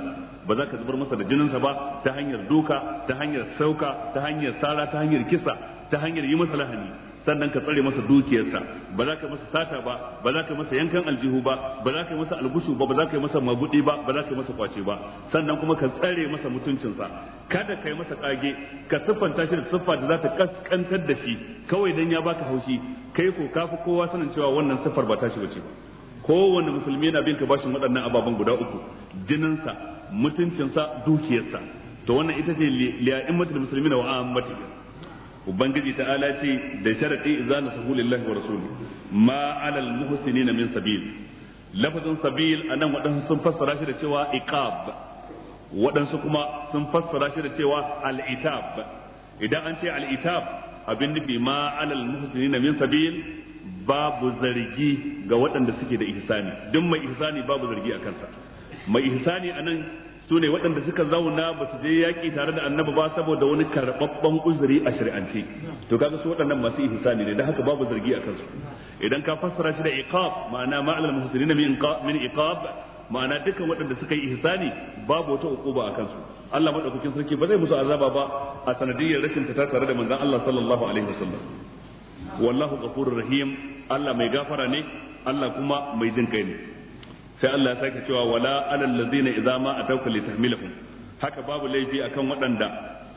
ba za ka zubar masa da jininsa ba ta hanyar duka ta hanyar sauka ta hanyar sara ta hanyar kisa ta hanyar yi masa lahani sannan ka tsare masa dukiyarsa ba za ka masa sata ba ba za ka masa yankan aljihu ba ba za ka masa algusu ba ba za ka masa magudi ba ba za ka masa kwace ba sannan kuma ka tsare masa mutuncinsa kada ka yi masa kage ka siffanta shi da siffa da za ta kaskantar da shi kawai dan ya baka haushi kai ko kafi kowa sanin cewa wannan siffar ba tashi bace kowanne musulmi yana bin ka bashin waɗannan ababen guda uku jininsa mutuncinsa dukiyarsa to wannan ita ce li'a'immatul muslimina wa ammatihim ubangiji ta'ala ce da sharadi na sahu lillahi wa rasuli ma alal na min sabil lafazin sabil anan waɗansu sun fassara shi da cewa iqab Waɗansu kuma sun fassara shi da cewa al idan an ce alitab abin nufi ma alal na min sabil babu zargi ga waɗanda suke da ihsani duk mai ihsani babu zargi a kansa mai ihsani anan su ne waɗanda suka zauna ba su je yaƙi tare da annabi ba saboda wani karɓaɓɓen uzuri a shari'ance to kaga su waɗannan masu ihsani ne da haka babu zargi a kansu idan ka fassara shi da iqab ma'ana ma'al muhsinin min min iqab ma'ana dukkan waɗanda suka yi ihsani babu wata uquba a kansu Allah madaukakin sarki ba zai musu azaba ba a sanadiyyar rashin ta tare da manzon Allah sallallahu alaihi wasallam wallahu ghafurur rahim Allah mai gafara ne Allah kuma mai jin kai ne sai Allah ya sake cewa wala alal ladzina idza ma atawka litahmilahum haka babu laifi akan waɗanda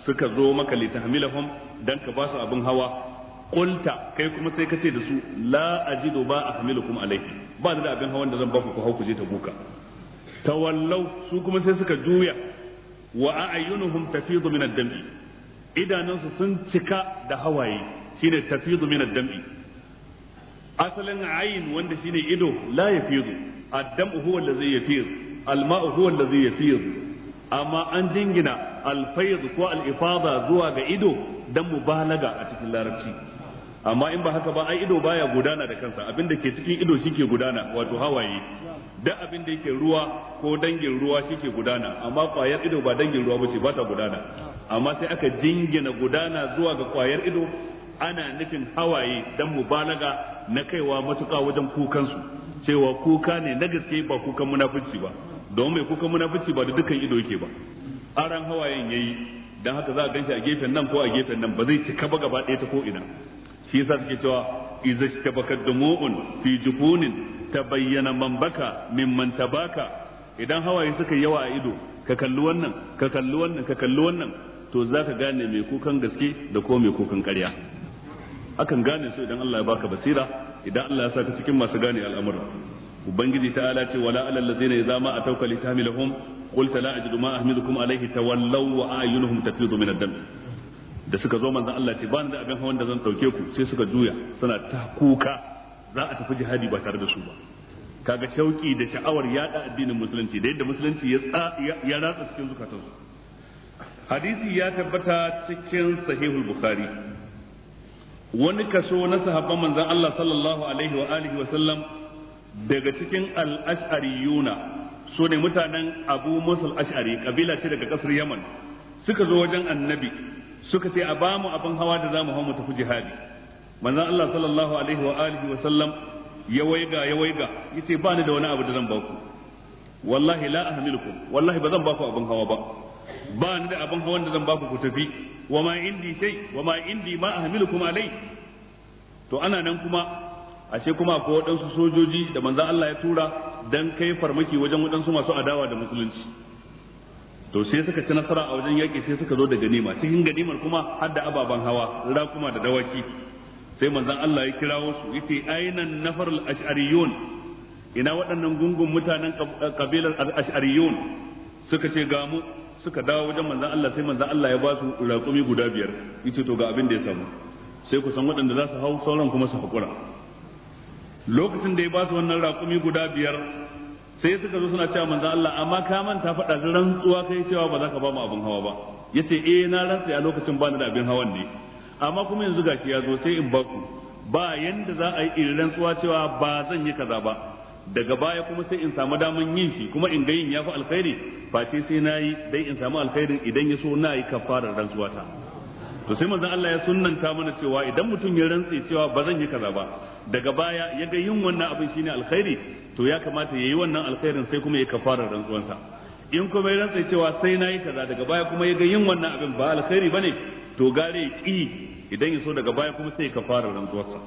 suka zo maka litahmilahum dan ka basu abin hawa qulta kai kuma sai ka ce da su la ajidu ba ahmilukum alayhi ba da abin hawan da zan ba ku ku hau ku je ta buka tawallau su kuma sai suka juya wa a'yunuhum tafidu min ad-dam'i idanunsu sun cika da hawaye shine tafidu min ad-dam'i asalin ayin wanda shine ido la yafidu الدم هو الذي يفيض الماء هو الذي يفيض amma an jingina alfaiz ko al'ifada zuwa ga ido don mubalaga a cikin larabci amma in ba haka ba ai ido baya gudana da kansa abinda ke cikin ido shike gudana wato hawaye da abin da yake ruwa ko dangin ruwa shike gudana amma kwayar ido ba dangin ruwa bace ba ta gudana amma sai aka jingina gudana zuwa ga kwayar ido ana nufin hawaye don mubalaga na kaiwa matuƙa wajen kukansu cewa kuka ne na gaske ba kukan munafici ba don mai kukan munafici ba da dukkan ido yake ba aran hawayen yayi dan haka za a ganshi a gefen nan ko a gefen nan ba zai cika ba gaba ɗaya ta ko ina shi yasa suke cewa iza shtabaka dumu'un fi jufunin tabayyana man baka mimman tabaka idan hawaye suka yawa a ido ka kalli wannan ka kalli wannan ka kalli wannan to za ka gane mai kukan gaske da ko mai kukan ƙarya akan gane su idan Allah ya baka basira idan Allah ya saka cikin masu gane al'amuran ubangiji ta ala ce wala alal ladina idza ma atawka litamilahum qult la ajidu ma ahmidukum alayhi tawallaw wa ayunuhum tafidu min ad-dam da suka zo manzon Allah ce ba ni da abin hawan da zan dauke ku sai suka juya suna ta kuka za a tafi jihadi ba tare da su ba kaga shauki da sha'awar yada addinin musulunci da yadda musulunci ya ya ratsa cikin zukatansu hadisi ya tabbata cikin sahihul bukhari wani kaso na sahabban manzan Allah sallallahu alaihi wa alihi wa sallam daga cikin al yuna, so ne mutanen Abu musul ashari kabila ce daga kasar Yaman suka zo wajen Annabi suka ce a ba mu abin hawa da zamu hawa mu tafi jihadi Manzan Allah sallallahu alaihi wa alihi wa sallam ya waiga ya waiga yace ba ni da wani abu da zan ba ku wallahi la ahmilukum wallahi ba zan ba ku abin hawa ba ba ni da abin hawan da zan ba ku ku tafi wa ma indi shay wa ma indi ma ahmilukum alai to ana nan kuma ashe kuma ko waɗansu sojoji da manzan Allah ya tura dan kai farmaki wajen waɗansu masu adawa da musulunci to sai suka ci nasara a wajen yaki sai suka zo da ganima cikin ganimar kuma har da ababen hawa raƙuma da dawaki sai manzan Allah ya kirawo su yace ainan nafar al-ash'ariyun ina waɗannan gungun mutanen kabilar al-ash'ariyun suka ce ga mu suka dawo wajen manzan Allah sai manzan Allah ya ba su raƙumi guda biyar yace to ga abin da ya samu sai ku san waɗanda za su hau sauran kuma su haƙura lokacin da ya ba su wannan raƙumi guda biyar sai suka zo suna cewa manzan Allah amma ka manta faɗa rantsuwa kai cewa ba za ka ba mu abin hawa ba yace eh na rantsa a lokacin ba ni da abin hawan ne amma kuma yanzu gashi ya zo sai in ba ku ba yanda za a yi irin rantsuwa cewa ba zan yi kaza ba daga baya kuma sai in samu daman yin shi kuma in ga yin ya fi alkhairi face sai na yi dai in samu alkhairin idan ya so na yi kafarar rantsuwa ta to sai manzon Allah ya sunnanta mana cewa idan mutum ya rantsi cewa ba zan yi kaza ba daga baya ya ga yin wannan abin shine alkhairi to ya kamata ya yi wannan alkhairin sai kuma ya kafarar rantsuwansa in kuma ya rantsi cewa sai na yi kaza daga baya kuma ya ga yin wannan abin ba alkhairi bane to gare ki idan ya so daga baya kuma sai ya kafarar rantsuwarsa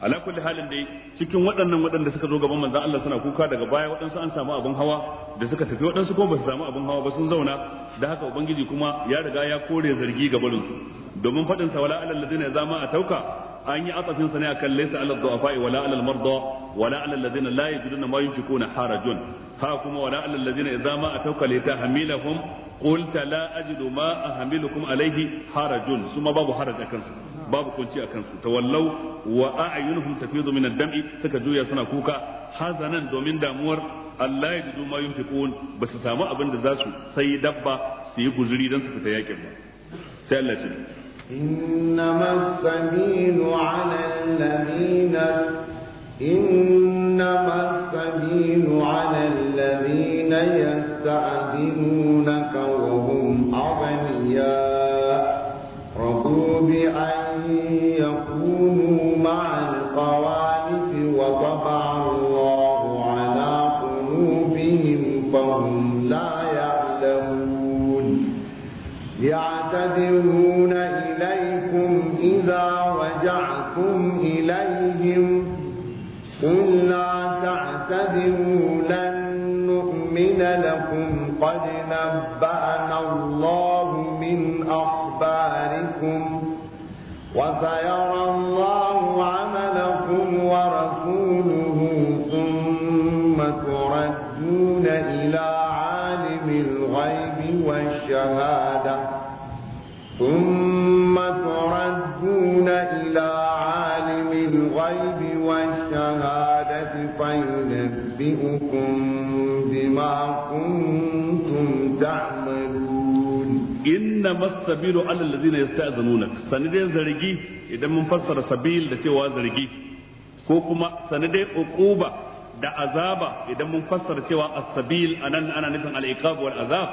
ala kulli halin dai cikin waɗannan waɗanda suka zo gaban manzon Allah suna kuka daga baya waɗansu an samu abin hawa da suka tafi waɗansu kuma ba su samu abin hawa ba sun zauna da haka ubangiji kuma ya riga ya kore zargi ga barin su domin faɗin sa wala alal ladina zama a tauka an yi atafin sa ne akan laysa alal du'afa wala alal marda wala alal ladina la yajiduna ma yunfiquna harajun ha kuma wala alal ladina zama a tauka litahmilahum qulta la ajidu ma ahmilukum alayhi harajun suma babu haraj akan su babu kunci akan su tawallau wa a'yunuhum tafidu min ad-dam'i suka juya suna kuka hazanan domin damuwar Allah ya jidu ma yunfiqun ba su samu abin da zasu sai dabba su yi guzuri dan su fita yakin ba sai Allah ce إنما السبيل على الذين إنما السبيل على الذين يستعجلون inna masabilu alal ladina yasta'zinunak sanadin zargi idan mun fassara sabil da cewa zargi ko kuma sanadin uquba da azaba idan mun fassara cewa as-sabil anan ana nufin al-iqab wal azab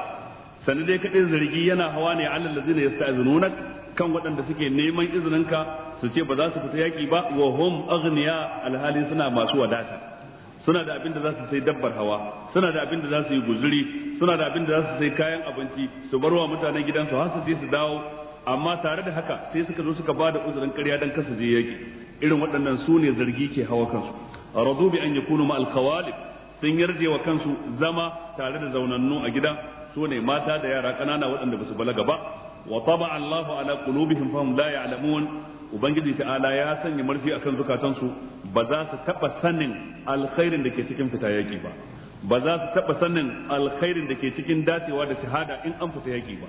sanadin kadai zargi yana hawa ne alal ladina yasta'zinunak kan waɗanda suke neman izininka su ce ba za su fita yaki ba wa hum aghniya alhali suna masu wadata suna da abin da za su sai dabbar hawa suna da abin da za su yi guzuri suna da abin da za su sai kayan abinci su bar wa mutanen gidansu har su je su dawo amma tare da haka sai suka zo suka ba da uzurin ƙarya dan kasa je yaki irin waɗannan su ne zargi ke hawa kansu radu bi an yakunu ma sun yarje wa kansu zama tare da zaunannu a gida sune mata da yara ƙanana waɗanda ba su balaga ba wa taba Allahu ala qulubihim fahum la ya'lamun ubangiji ta'ala ya sanya marfi akan zukatansu ba za su taba sanin alkhairin da ke cikin fita yaki ba ba za su taba sanin alkhairin da ke cikin dacewa da shahada in an fita yaki ba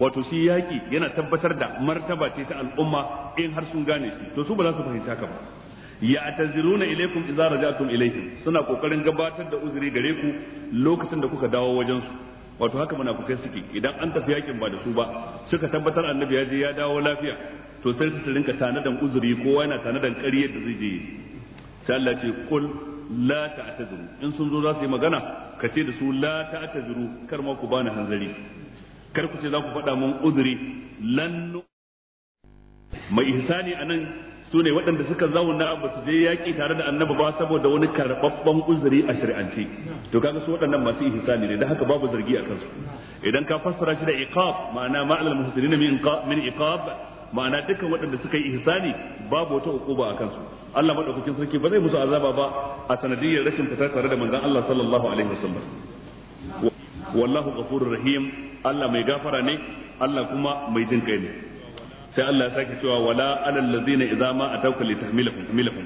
wato shi yaki yana tabbatar da martaba ce ta al'umma in har sun gane shi to su ba za su fahimta ka ba ya ataziruna ilaikum idza raja'tum suna kokarin gabatar da uzuri gare ku lokacin da kuka dawo wajen su wato haka munafukai suke idan an tafi yakin ba da su ba suka tabbatar annabi ya je ya dawo lafiya to sai su rinka tanadan uzuri kowa yana tanadan ƙarya da zai je sai Allah ce kul la ta'tazuru in sun zo za su yi magana ka ce da su la ta'tazuru kar ma ku bani hanzari kar ku ce za ku faɗa mun uzuri lan mai ihsani anan su ne waɗanda suka zauna abu su je yaƙi tare da annabi ba saboda wani karɓaɓɓen uzuri a shari'ance to kaga su waɗannan masu ihsani ne da haka babu zargi a kansu idan ka fassara shi da iqab ma'ana ma'al muhsinina min min iqab ma'ana dukkan waɗanda suka yi ihsani babu wata uquba a kansu Allah madaukakin sarki ba zai musu azaba ba a sanadiyyar rashin fita tare da manzon Allah sallallahu alaihi wasallam wallahu ghafurur rahim Allah mai gafara ne Allah kuma mai jin kai ne sai Allah ya sake cewa wala alal ladzina idza ma atawka li tahmilahum tahmilahum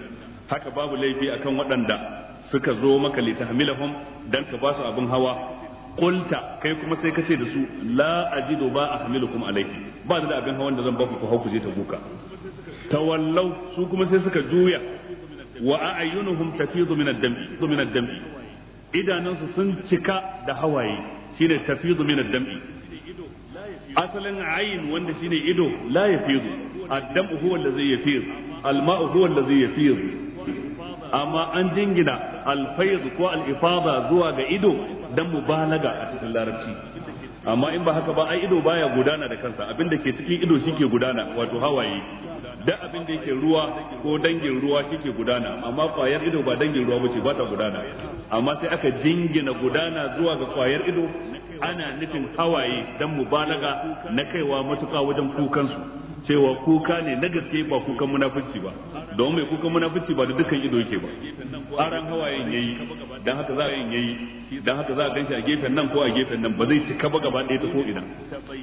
haka babu laifi akan waɗanda suka zo maka li tahmilahum dan ka basu abin hawa qulta kai kuma sai ka ce da su la ajidu ba ahmilukum alayhi ba da abin hawan da zan ba ku hau ku je ta buka tawallau su kuma sai suka juya wa a'yunuhum tafidu min ad-dam'i min ad-dam'i idanansu sun cika da hawaye shine tafidu min ad-dam'i asalin ayin wanda shine ido la ya yafidu addam huwa allazi yafid alma'u huwa allazi yafid amma an jingina alfaid ko alifada zuwa ga ido dan mubalaga a cikin larabci amma in ba haka ba ai ido baya gudana da kansa abin da ke cikin ido shike gudana wato hawaye da abin da yake ruwa ko dangin ruwa shike gudana amma kwayar ido ba dangin ruwa bace ba ta gudana amma sai aka jingina gudana zuwa ga kwayar ido ana nufin hawaye dan mubalaga na kaiwa matuka wajen kukansu cewa kuka ne na gaske ba kukan munafici ba don mai kukan munafici ba da dukkan ido yake ba aran hawayen yayi dan haka za a yin yayi dan haka za a gaishe a gefen nan ko a gefen nan ba zai cika ba gaba ɗaya ta ko ina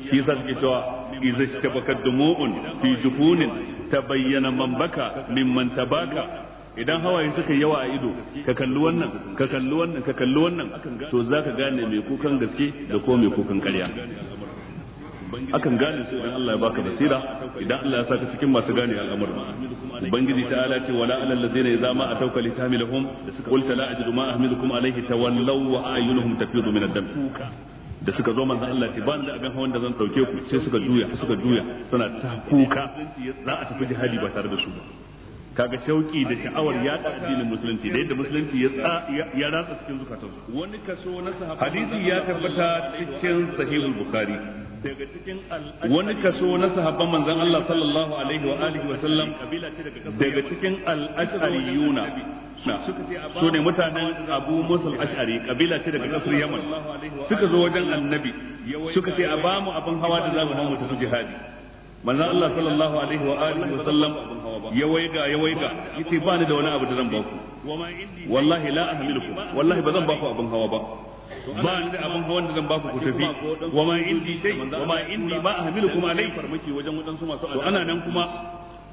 shi yasa suke cewa idza shtabaka dumu'un fi jufunin tabayyana man baka mimman tabaka idan hawaye suka yawa a ido ka kalli wannan ka kalli wannan ka kalli wannan to za ka gane mai kukan gaske da ko mai kukan karya. akan gane su idan Allah ya baka basira idan Allah ya saka cikin masu gane al'amarin ubangiji ta ala ce wala alal ladzina idza ma atawka litamilahum qulta la ajidu ma ahmilukum alayhi tawallaw wa ayunuhum tafidu min ad-dam da suka zo manzon Allah ce ba ni da abin hawan da zan dauke ku sai suka juya suka juya suna ta kuka za a tafi jihadi ba tare da su ba kaga shauki da sha'awar ya da addinin musulunci da yadda musulunci ya ratsa cikin zukatansu wani kaso na sahaba hadisi ya tabbata cikin sahihul bukhari daga cikin wani kaso na sahabban manzon Allah sallallahu alaihi wa alihi wa sallam daga cikin al-ash'ariyuna su ne mutanen abu musul ash'ari kabila ce daga kasar yaman suka zo wajen annabi suka ce a mu abin hawa da zamu mu tafi jihadi manzon Allah sallallahu alaihi wa alihi wa sallam ya waiga ya waiga yace ba ni da wani abu da zan baku wallahi la ahmilukum wallahi ba zan baku abin hawa ba ba ni da abin hawan da zan baku ku tafi wa ma indi sai wa ma indi ma ahmilukum alai farmaki wajen wadansu masu to ana nan kuma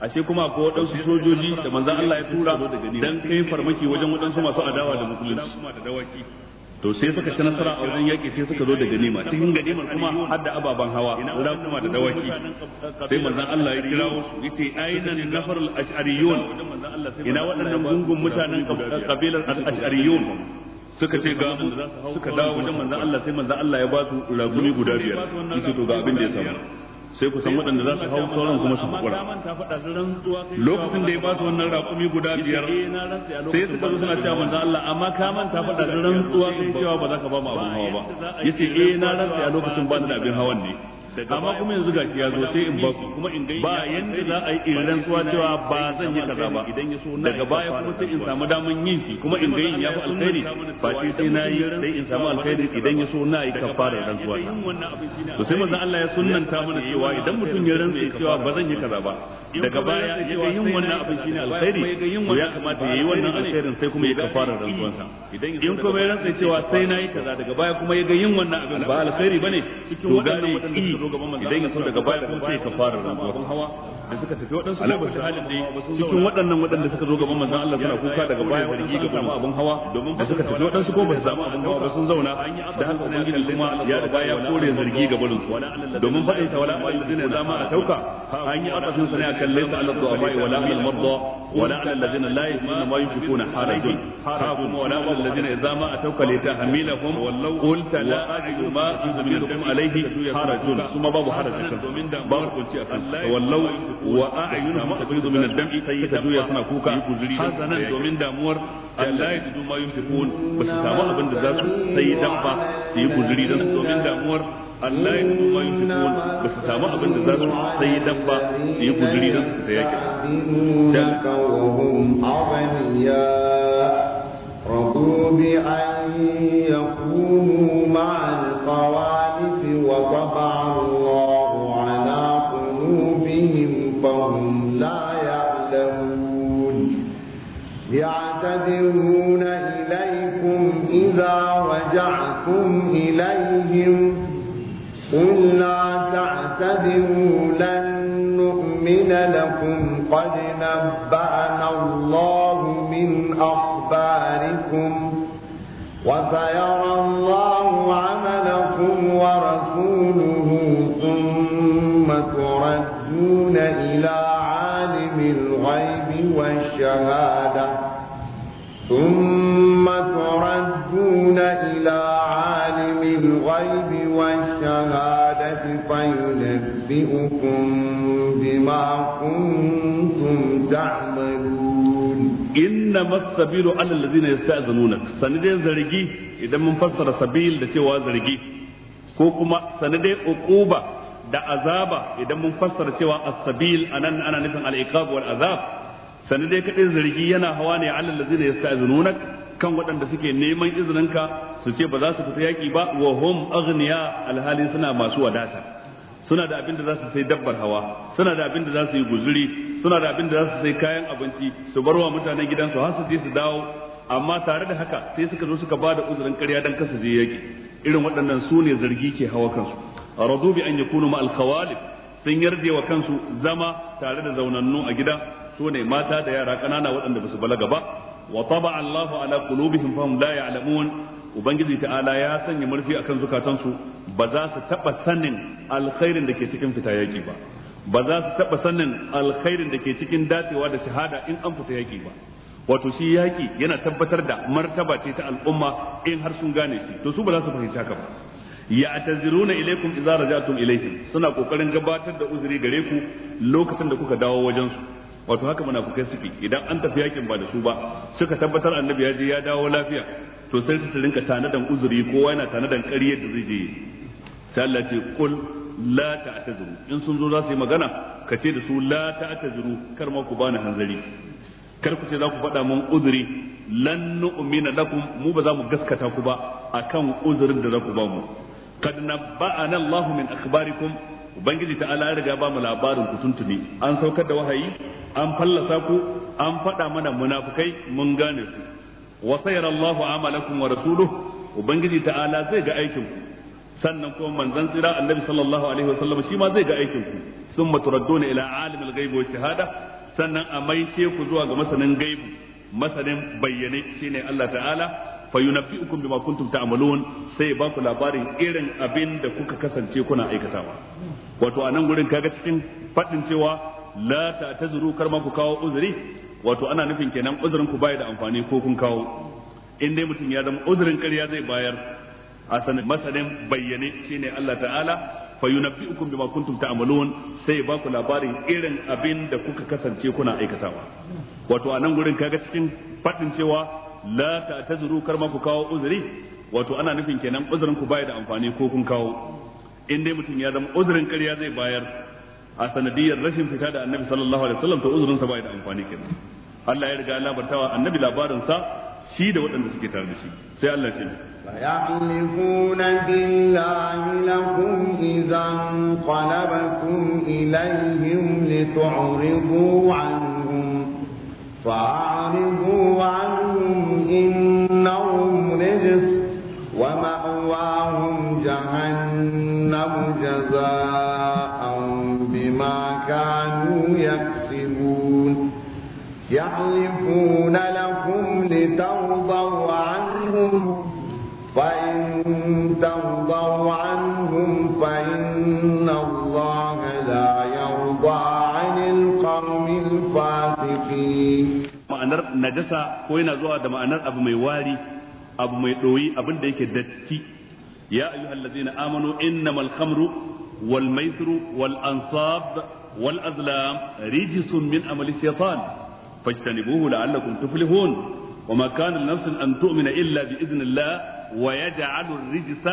ashe kuma ko wadansu sojoji da manzon Allah ya tura dan kai farmaki wajen wadansu masu adawa da musulunci to sai suka ci nasara a wajen yaƙi sai suka zo da ganima cikin ganimar kuma har da ababen hawa kuma da dawaki sai manzon Allah ya kira su yace ainan nafar al-ash'ariyun ina waɗannan gungun mutanen kabilar al-ash'ariyun suka ce ga suka dawo wajen manzon Allah sai manzon Allah ya ba su raguni guda biyar yace to ga abin da ya samu sai ku san waɗanda za su hau sauran kuma su kura lokacin da ya ba su wannan rakumi guda biyar eh, sai su zo suna cewa manzo Allah amma ka manta faɗa rantsuwa kai cewa ba za ka ba mu abin hawa ba yace eh na rantsa a lokacin ba da abin hawan ne amma kuma yanzu gashi ya zo sai in ba ku ba yanda za a yi irin suwa cewa ba zan yi kaza ba daga baya kuma sai in samu daman yin shi kuma in ga ya fi alkhairi ba shi sai na yi sai in samu alkhairi idan ya so na yi kafara rantsuwa to sai manzon Allah ya sunnanta mana cewa idan mutum ya rantsa cewa ba zan yi kaza ba daga baya ya ga yin wannan abin shine alkhairi to ya kamata ya yi wannan alkhairin sai kuma ya kafara rantsuwansa in kuma ya rantsa cewa sai na yi kaza daga baya kuma ya ga yin wannan abin ba alkhairi bane to gane shugaban idan ya so daga bayan kuma sai ka fara rantsuwar hawa da suka tafi waɗansu ala bashi halin dai cikin waɗannan waɗanda suka zo gaban manzon Allah suna kuka daga baya wani ga samu abun hawa da suka tafi waɗansu ko ba su samu abun hawa ba sun zauna da haka ubangiji kuma ya riga ya kore zargi ga barin su domin faɗin sa wala alladhina zama a tauka an yi akasin sa ne akan laysa ala du'abai wala al marda wala ala alladhina la yajiduna ma yunfiquna harajun harajun wala ala alladhina zama a tauka litahmilahum qulta la ajidu ma unzilukum alayhi harajun kuma babu harajun babu kunci akan wallau وأعينهم تفيض من الدمع فتدوي صنفوك حزنا دومين دامور ألا يجدوا ما ينفقون بس سامو أبن دزاسو سيدفع سيكون جريدا دومين دامور ألا يجدوا ما ينفقون بس سامو أبن دزاسو سيدفع سيكون جريدا سيكون رضوا بأن يقوموا مع القوالب وطبعوا يعتذرون إليكم إذا رجعتم إليهم قل لا تعتذروا لن نؤمن لكم قد نبأنا الله من أخباركم وسيرى الله عملكم ورسوله ثم تردون إلى عالم الغيب والشهادة ثم تردون إلى عالم الغيب والشهادة فينبئكم بما كنتم تعملون إنما السبيل على الذين يستأذنونك سندي زرقي إذا من فسر سبيل لتوا زرقي كوكما سندي أقوبة da azaba idan mun fassara cewa as-sabil anan ana nufin al-iqab wal azab Sani dai kadai zargi yana hawa ne alal ladina yasta'zinunak kan waɗanda suke neman izininka su ce ba za su fita yaƙi ba wa hum agniya alhali suna masu wadata suna da abin da za su sai dabbar hawa suna da abin da za su yi guzuri suna da abin da za su sai kayan abinci su bar wa mutanen gidansu har su je su dawo amma tare da haka sai suka zo suka ba da uzurin ƙarya don kasa je yaki irin waɗannan su ne zargi ke hawa kansu radu bi an yakunu ma al sun yarje wa kansu zama tare da zaunannu a gida ne mata da yara kanana waɗanda ba su balaga ba wa taba Allahu ala qulubihim fahum la ya'lamun ubangiji ta'ala ya sanya murfi akan zukatansu ba za su taba sanin alkhairin da ke cikin fita yaki ba ba za su taba sanin alkhairin da ke cikin dacewa da shahada in an fita yaki ba wato shi yaki yana tabbatar da martaba ce ta al'umma in har sun gane shi to su ba za su fahimci haka ba ya ataziruna ilaikum idza rajatum ilaihim suna kokarin gabatar da uzuri gare ku lokacin da kuka dawo wajen su wato haka munafukai suke idan an tafi yakin ba da su ba suka tabbatar annabi ya je ya dawo lafiya to sai su rinka tanadan uzuri kowa yana tanadan ƙarya da zai je sai Allah ce kul la ta'tazuru in sun zo za su yi magana ka ce da su la ta'tazuru kar ma ku bani hanzari kar ku ce za ku faɗa mun uzuri lan nu'mina lakum mu ba za mu gaskata ku ba akan uzurin da za ku ba mu qad nabba'ana Allahu min akhbarikum ubangiji ta ala riga ba mu labarin ku tuntuni an saukar da wahayi an fallasa ku an faɗa mana munafukai mun gane su wa sayara Allahu amalakum wa rasuluhu ubangiji ta ala zai ga aikin ku sannan kuma manzon tsira annabi sallallahu alaihi wasallam shi ma zai ga aikin ku summa turadduna ila alimil ghaibi wa shahada sannan a maishe ku zuwa ga masanin gaibu masanin bayyane shine Allah ta'ala fa yunabbi'ukum bima kuntum ta'malun sai ba ku labarin irin abin da kuka kasance kuna aikatawa wato a nan gurin kaga cikin fadin cewa la ta tazuru kar ma ku kawo uzuri wato ana nufin kenan uzurin ku bai da amfani ko kun kawo in dai mutum ya zama uzurin ƙarya zai bayar a sanin masanin bayyane shine Allah ta'ala fa yunabbi'ukum bima kuntum ta'malun sai ba ku labarin irin abin da kuka kasance kuna aikatawa wato a nan gurin kaga cikin fadin cewa la ta'tazuru kar ma ku kawo uzuri wato ana nufin kenan uzurin ku bai da amfani ko kun kawo in dai mutum ya zama uzurin ƙarya zai bayar a sanadiyar rashin fita da annabi sallallahu alaihi wasallam to uzurinsa bai da amfani kenan Allah ya riga ya labartawa annabi labarin sa shi da waɗanda suke tare da shi sai Allah ce فيحلفون بالله لكم إذا انقلبتم إليهم لتعرضوا عنه فأعرضوا عنهم إنهم رجس ومأواهم جهنم جزاء بما كانوا يكسبون يحلفون لكم لترضوا عنهم فإن ترضوا عنهم فإن الله لا يرضى عن القوم الفاسقين ma'anar najasa ko yana zuwa da ma'anar abu mai wari abu mai ɗoyi abin da yake datti ya ayyuhallazina amanu innamal khamru wal maisiru wal ansab wal azlam rijsun min amali shaytan fajtanibuhu la'allakum tuflihun وما كان لنفس أن تؤمن إلا بإذن الله ويجعل الرجس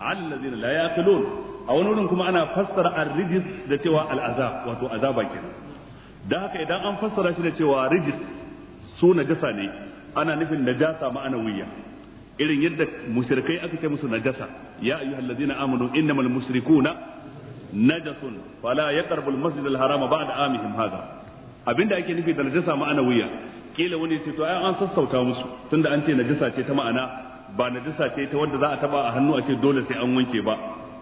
على الذين لا يعقلون a wani wurin kuma ana fassara ar-rijis da cewa al-azab wato azaba kenan dan haka idan an fassara shi da cewa rijis su najasa ne ana nufin najasa ma'anawiyya irin yadda mushrikai aka ce musu najasa ya ayyuhal ladzina amanu innamal mushrikuna najasun fala yaqrabul masjidal harama ba'da amihim hadha abinda ake nufi da najasa ma'anawiyya kila wani ce to ai an sassauta musu tunda an ce najasa ce ta ma'ana ba najasa ce ta wanda za a taba a hannu a ce dole sai an wanke ba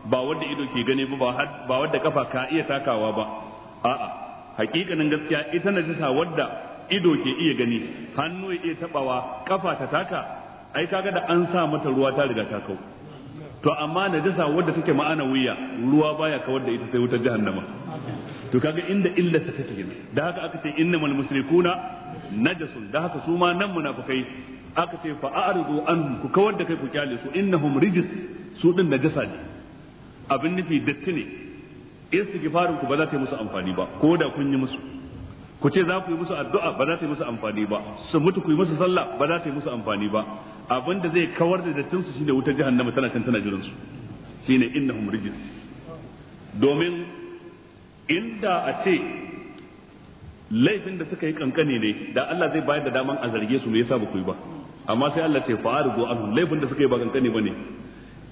ba wanda ido ke gani ba ba wanda kafa ka iya takawa ba a'a hakikanin gaskiya ita najasa wadda ido ke iya gani hannu ya iya tabawa kafa ta taka ai kaga da an sa mata ruwa ta riga ta kau to amma na najasa wadda take ma'ana wuya ruwa baya kawar da ita sai wutar jahannama to kaga inda illa ta take ne da haka aka ce mal musrikuna najasun da haka su ma nan munafikai aka ce fa a'ridu an ku kawar da kai ku kyale su innahum rijis su din najasa ne abin nufi datti ne istighfarin ku ba za ta yi musu amfani ba ko da kun yi musu ku ce za ku yi musu addu'a ba za ta yi musu amfani ba su mutu ku yi musu sallah ba za ta yi musu amfani ba abinda zai kawar da dattin su shine wutar jahannama tana can tana jiran su shine innahum rijis domin inda a ce laifin da suka yi kankane ne da Allah zai bayar da daman a zarge su me yasa ba ku yi ba amma sai Allah ce arzu anhum laifin da suka yi ba kankane bane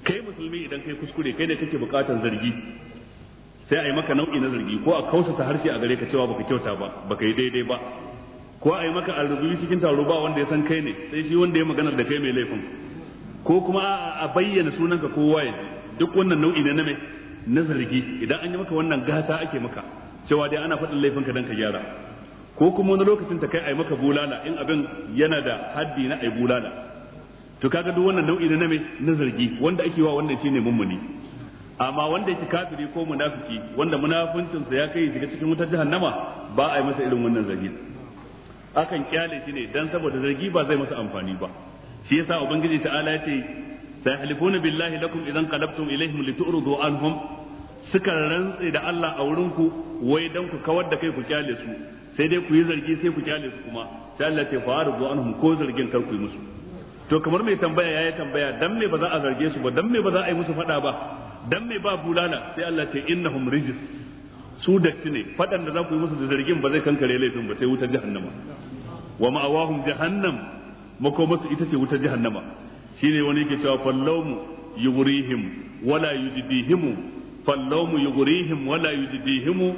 kai musulmi idan kai kuskure kai ne kake bukatan zargi sai a yi maka nau'i na zargi ko a kausata harshe a gare ka cewa baka kyauta ba baka yi daidai ba ko a yi maka arzuri cikin taro ba wanda ya san kai ne sai shi wanda ya magana da kai mai laifin ko kuma a bayyana sunanka kowa ya ji duk wannan nau'i ne na mai na zargi idan an yi maka wannan gata ake maka cewa dai ana faɗin laifin ka dan ka gyara ko kuma wani lokacin ta kai a yi maka bulala in abin yana da haddi na ai bulala to kaga duk wannan nau'i ne na mai na zargi wanda ake wa wannan shine mummuni amma wanda yake kafiri ko munafiki wanda munafuncinsa ya kai shiga cikin wutar jahannama ba a yi masa irin wannan zargi akan kyale shi ne dan saboda zargi ba zai masa amfani ba shi yasa ubangiji ta'ala ya ce sayhlifuna billahi lakum idan qalabtum ilayhim litu'ridu anhum suka rantse da Allah a wurin ku wai dan ku kawar da kai ku kyale su sai dai ku yi zargi sai ku kyale su kuma sai Allah ce fa'aridu anhum ko zargin kar ku yi musu to kamar mai tambaya yayi tambaya dan me ba za a zarge su ba dan me ba za a yi musu fada ba dan me ba bulala sai Allah ce innahum rijis su datti ne fadan da za ku yi musu da zargin ba zai kankare laifin ba sai wutar jahannama wa ma'awahum jahannam makomasu ita ce wutar jahannama shine wani yake cewa fallawmu yughrihim wala yujdihim fallawmu yughrihim wala yujdihim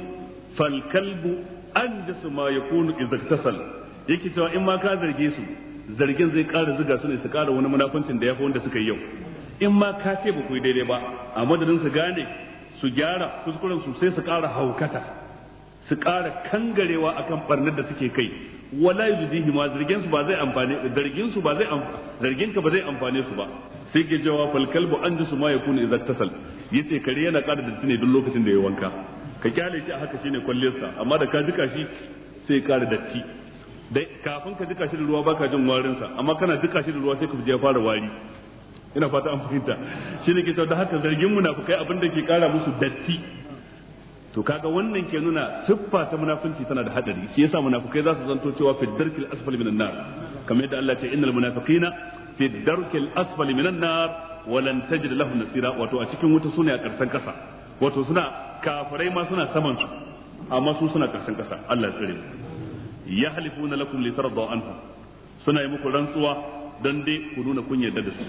fal kalbu anjasu ma yakunu idza yake cewa in ma ka zarge su zargin zai ƙara zuga su ne su ƙara wani munafuncin da yafi wanda suka yi yau in ma ka ce ba ku yi daidai ba a madadin su gane su gyara kuskuren su sai su ƙara haukata su ƙara kangarewa akan barnar da suke kai wala yuzihi ma zargin su ba zai amfane zargin su ba zai zargin ka ba zai amfane su ba sai ke cewa fal kalbu an ji su ma yakunu idza tasal yace kare yana ƙara datti ne duk lokacin da ya wanka ka kyale shi a haka shine kwalliyarsa amma da ka jika shi sai ƙara datti dai kafin ka jika shi da ruwa baka jin warinsa amma kana jika shi da ruwa sai ka je ya fara wari ina fata an fahimta shi ne ke da haka zargin munafukai abin da ke kara musu datti to kaga wannan ke nuna siffa ta munafunci tana da hadari shi yasa munafukai za su zanto cewa fi darkil asfali minan nar kamar yadda Allah ya ce innal munafiqina fi darkil asfali minan nar walan tajid lahum nasira wato a cikin wuta suna a karsan kasa wato suna kafirai ma suna saman su amma su suna karsan kasa Allah ya tsare mu yahlifuna lakum litardaw anhum suna yi muku rantsuwa don dai ku nuna kun yarda da su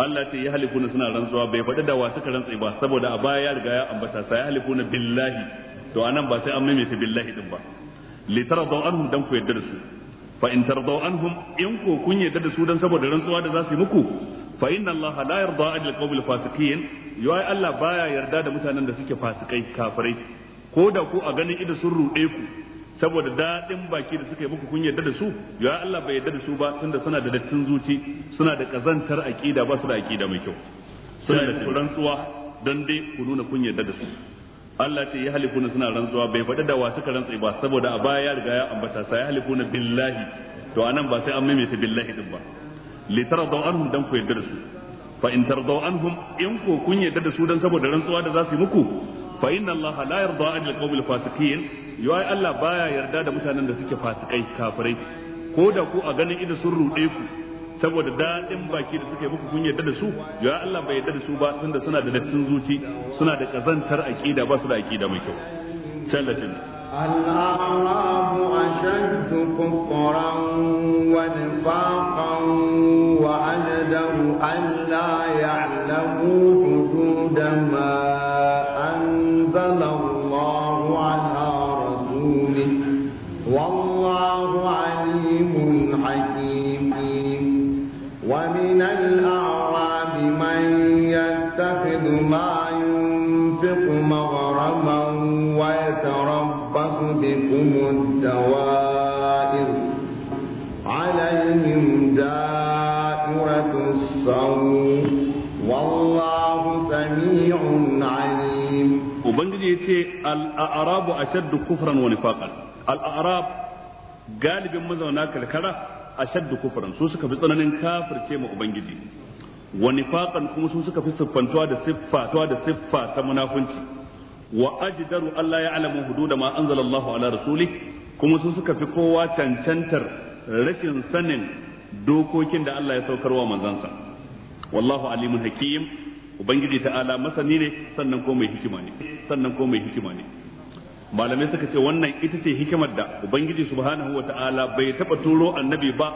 Allah ce ya halifuna suna rantsuwa bai faɗi da wasu ka rantsi ba saboda a baya ya riga ya ambata sai ya halifuna billahi to anan ba sai an maimaita billahi din ba li taradaw anhum dan ku yadda da su fa in taradaw anhum in ko kun yadda da su dan saboda rantsuwa da za su yi muku fa inna Allah la yarda an fasiqin alfasiqin yai Allah baya yarda da mutanen da suke fasikai kafirai ko da ku a ganin ido sun ruɗe ku saboda daɗin baki da suka yi muku kun yarda da su ya Allah bai yarda da su ba tunda suna da dattin zuci suna da kazantar aqida ba su da aƙida mai kyau suna da rantsuwa don dai ku nuna kun yarda da su Allah ce ya halifuna suna rantsuwa bai faɗi da wasu ka rantsi ba saboda a baya ya riga ya ambata sa ya halifuna billahi to anan ba sai an maimaita billahi din ba li tardaw anhum dan ku yarda da su fa in tardaw anhum in ku kun yarda da su dan saboda rantsuwa da za su yi muku fa inna Allah la yarda an alqawm alfasiqin yai Allah baya yarda da mutanen da suke fasikai kafirai ko da ku a ganin idan sun rude ku saboda daɗin baki da suke muku kun yarda da su ya Allah bai yarda da su ba tunda suna da dattin zuci suna da kazantar aqida ba su da aqida mai kyau sallatin الأعراب أشد كفرا ونفاقا وأجدر ألا يعلموا حدود ما yace al-a'rabu ashaddu kufran wa nifaqan al galibin mazauna karkara ashaddu kufran su suka fi tsananin kafirce ma ubangiji wani nifaqan kuma su suka fi siffantuwa da siffatuwa da siffa ta munafunci wa ajdaru alamu hudu hududa ma anzala Allahu ala rasuli kuma su suka fi kowa cancantar rashin sanin dokokin da Allah ya saukarwa manzansa wallahu alimun hakim ubangiji ta'ala masani ne sannan ko mai hikima ne sannan ko mai hikima ne malamai suka ce wannan ita ce hikimar da ubangiji subhanahu wata'ala bai taba turo annabi ba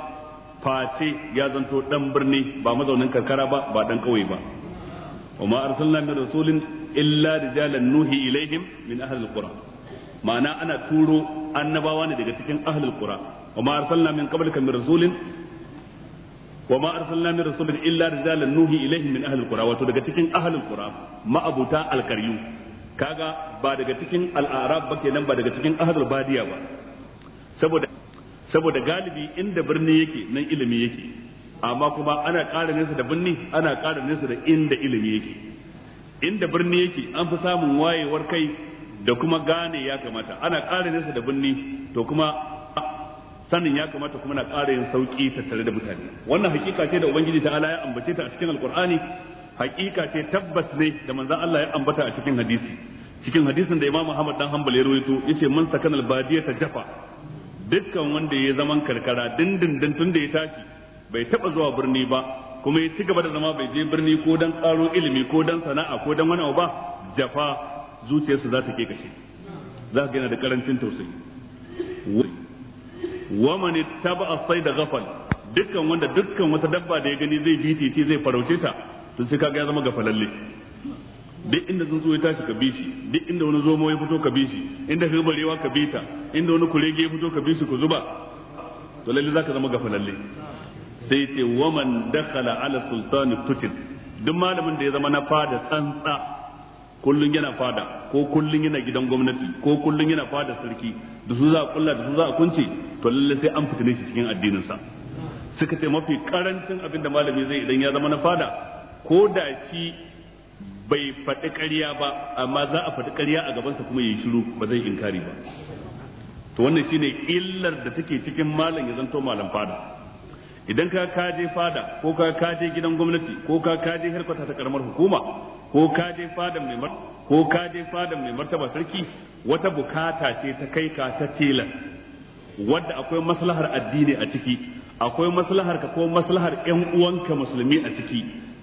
face ya zanto dan birni ba mazaunin karkara ba ba dan kauye ba wa ma arsalna min rasulin illa rijalan nuhi ilaihim min ahli alqura ma'ana ana turo annabawa ne daga cikin ahli alqura wa ma arsalna min qablika min rasulin wa ma arsalna min rasulin illa rijalan nuhi ilaihim min ahlil qura wato daga cikin ahlil qura ma'abuta alkaryu kaga ba daga cikin al'arab ba kenan ba daga cikin ahlul badiya ba saboda saboda galibi inda birni yake nan ilimi yake amma kuma ana ƙara nesa da birni ana ƙara nesa da inda ilimi yake inda birni yake an fi samun wayewar kai da kuma gane ya kamata ana ƙara nesa da birni to kuma sanin ya kamata kuma na ƙara yin sauƙi tattare da mutane wannan hakika ce da ubangiji ta ala ya ambace ta a cikin Alƙur'ani hakika ce tabbas ne da manzon Allah ya ambata a cikin hadisi cikin hadisin da Imam Ahmad dan Hanbal ya rawaito yace man sakana ta jafa dukkan wanda ya zaman karkara dindindin tun da ya tashi bai taba zuwa birni ba kuma ya ci gaba da zama bai je birni ko dan ƙaro ilimi ko dan sana'a ko dan wani abu ba jafa zuciyarsa za ta ke kashe za ka yana da karancin tausayi wa man ittaba as-sayda ghafal dukkan wanda dukkan wata dabba da ya gani zai bi titi zai farauce ta to sai kaga ya zama gafalalle duk inda tsuntsu ya tashi ka bishi, duk inda wani zomo ya fito ka bishi shi inda hirbarewa ka bita, inda wani kurege ya fito ka bishi, ku zuba to lalle zaka zama gafalalle sai ce waman dakhala ala sultani tutin duk malamin da ya zama na fada tsantsa kullun yana fada ko kullun yana gidan gwamnati ko kullun yana fada sarki da su za a kulla da su za a kunce to lallai sai an fitine shi cikin addinin sa suka ce mafi karancin abin da malami zai idan ya zama na fada ko da shi bai faɗi ƙarya ba amma za a faɗi ƙarya a gabansa kuma yayi shiru ba zai inkari ba to wannan shine illar da take cikin malam ya zanto malam fada idan ka kaje fada ko ka kaje gidan gwamnati ko ka kaje harkar ta karamar hukuma ko kaje fada mai ko kaje fada mai martaba sarki wata bukata ce ta kai ka ta tilas wadda akwai maslahar addini a ciki akwai maslahar ka ko maslahar 'yan uwanka musulmi a ciki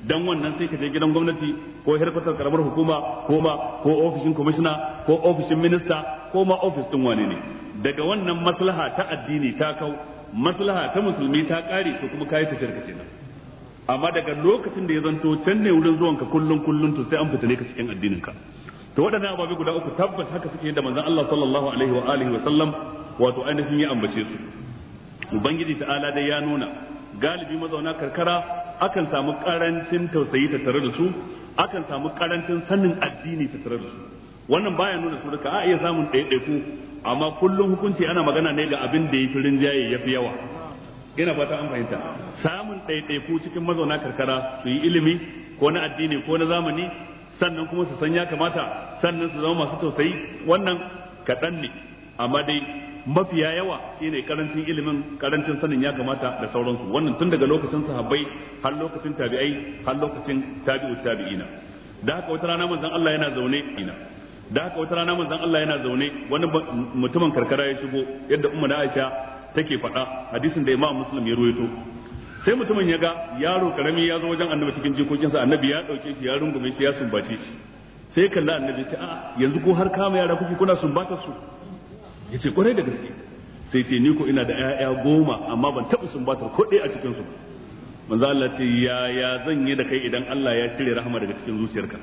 dan wannan sai ka je gidan gwamnati ko hirkatar karamar hukuma ko ma ko ofishin kwamishina ko ofishin minista ko ma ofis din wane ne daga wannan maslaha ta addini ta kau maslaha ta musulmi ta kare to kuma kai tafiyar ka kenan amma daga lokacin da ya zanto can ne wurin zuwanka kullum kullun to sai an ne ka cikin addinin ka to waɗannan ababe guda uku tabbas haka suke yadda manzon Allah sallallahu alaihi wa alihi wa sallam wato ainihin yi ambace su ubangiji ta'ala dai ya nuna galibi mazauna karkara akan samu karancin tausayi ta tare da su akan samu karancin sanin addini ta tare da su wannan baya nuna su duka a iya samun ɗaiɗaiku amma kullum hukunci ana magana ne ga abin da ya fi rinjaye ya fi yawa ina fata an fahimta samun ɗaiɗaiku cikin mazauna karkara su yi ilimi ko na addini ko na zamani sannan kuma su san ya kamata sannan su zama masu tausayi wannan kaɗan ne amma dai mafiya yawa shine karancin ilimin karancin sanin ya kamata da sauransu wannan tun daga lokacin sahabbai har lokacin tabi'ai har lokacin tabi'ut tabi'ina da haka wata rana manzon Allah yana zaune ina da haka wata rana manzon Allah yana zaune wani mutumin karkara ya shigo yadda ummu da Aisha take faɗa hadisin da Imam Muslim ya ruwaito sai mutumin ya ga yaro karami ya zo wajen annabi cikin jikokinsa annabi ya dauke shi ya rungume shi ya sumbace shi sai kalla annabi ce a yanzu ko har kama yara kuke kuna sumbatar su ya ce kwarai da gaske sai ce ni ko ina da 'ya'ya goma amma ban taɓa sumbatar ko ɗaya a cikin su manzo Allah ce ya ya zan yi da kai idan Allah ya cire rahama daga cikin zuciyarka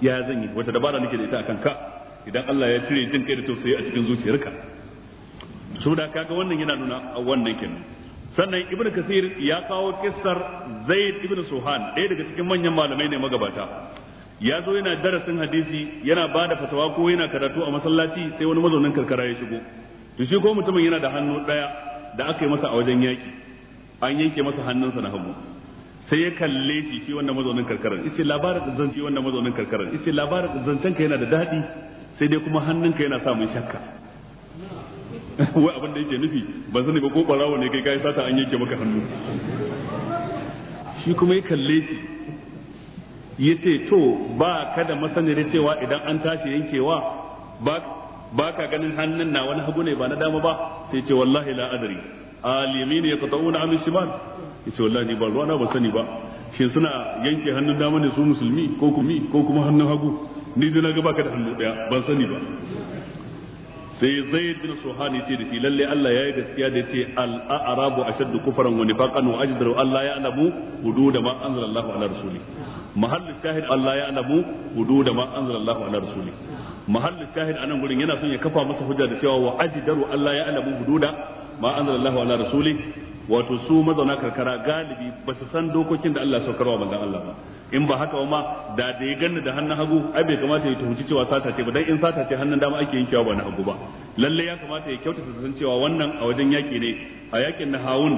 ya zan yi wata dabara nake da ita akan ka idan Allah ya cire jin kai da tausayi a cikin zuciyarka saboda kaga wannan yana nuna wannan kenan sannan ibnu kasir ya kawo kissar zaid ibnu suhan ɗaya daga cikin manyan malamai ne magabata ya zo yana darasin hadisi yana bada da fatawa ko yana karatu a masallaci sai wani mazaunin karkara ya shigo to shi ko mutumin yana da hannu ɗaya da aka yi masa a wajen yaƙi an yanke masa hannunsa na hagu sai ya kalle shi shi wannan mazaunin karkarar yace labarin zance wannan mazaunin yace labarin zancen ka yana da daɗi sai dai kuma hannunka yana samun shakka wai abin da yake nufi ban sani ba ko barawo ne kai kai sata an yanke maka hannu shi kuma ya kalle shi ya ce to ba ka da masaniyar cewa idan an tashi yankewa ba ka ganin hannun na wani hagu ne ba na dama ba sai ce wallahi la adri alimi ne ya qata'una amin shimal ce wallahi ni ba na ba sani ba shi suna yanke hannun dama ne su musulmi ko ko kuma hannun hagu ni da na ga ka da hannu daya ban sani ba sai zaid bin suhan yace da shi lalle Allah ya yi gaskiya da yace al a'rabu ashaddu kufran wa nifaqan wa ajdaru Allah ya alamu hudu da ma an anzalallahu ala rasuli mahallu shahid Allah ya alamu hudu da ma an anzalallahu ala rasuli mahallu shahid anan gurin yana son ya kafa masa hujja da cewa wa ajdaru Allah ya alamu hudu da ma an anzalallahu ala rasuli wato su mazauna karkara galibi ba su san dokokin da Allah ya saukarwa manzon Allah ba in ba haka ma da da ya ganni da hannun hagu ai bai kamata ya tuhunci cewa sata ce ba dan in sata ce hannun dama ake yankewa ba na hagu ba lalle ya kamata ya kyautata san cewa wannan a wajen yaki ne a yakin na hawun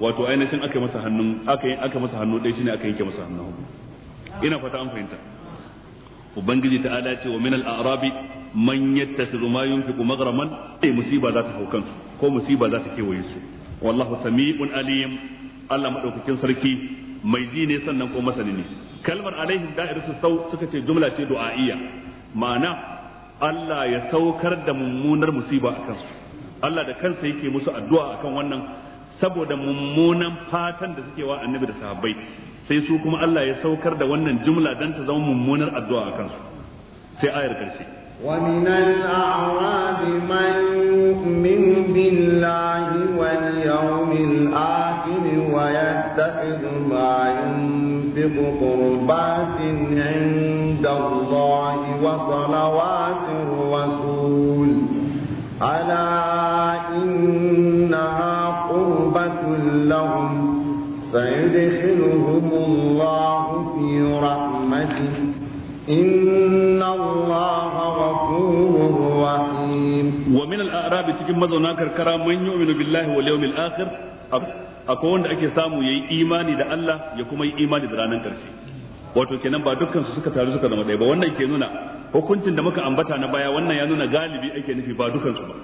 wato ainihin aka masa hannun aka aka masa hannu ɗaya shine aka yanke masa hannun hagu ina fata an fahimta ubangiji ta ala ce wa min al-arabi man yattakhidhu ma yunfiqu maghraman ai eh, musiba za ta hau kansu ko musiba za ta kewaye su wallahu sami'un alim Allah madaukakin sarki mai ji ne sannan ko masani ne kalmar alaihim su sau suka ce jumla ce du'a'iyya ma'ana Allah ya saukar da mummunar musiba akan su Allah da kansa yake musu addu'a akan wannan saboda mummunan fatan da suke wa annabi da sahabbai sai su kuma Allah ya saukar da wannan jumla dan ta zama mummunar addu'a a kansu, sai ayar karshe ومن الأعراب من يؤمن بالله واليوم الآخر ويتخذ ما ينفع بقربات عند الله وصلوات الرسول ألا إنها قربة لهم سيدخلهم الله في رحمته إن الله غفور رحيم ومن الأعراب تجمد هناك الكرام من يؤمن بالله واليوم الآخر أبدا akwai wanda ake samu yayi imani da Allah ya kuma yi imani da ranar ƙarshe. wato kenan ba dukkan su suka taru suka zama ɗaya ba wannan ke nuna hukuncin da muka ambata na baya wannan ya nuna galibi ake nufi ba dukkan su ba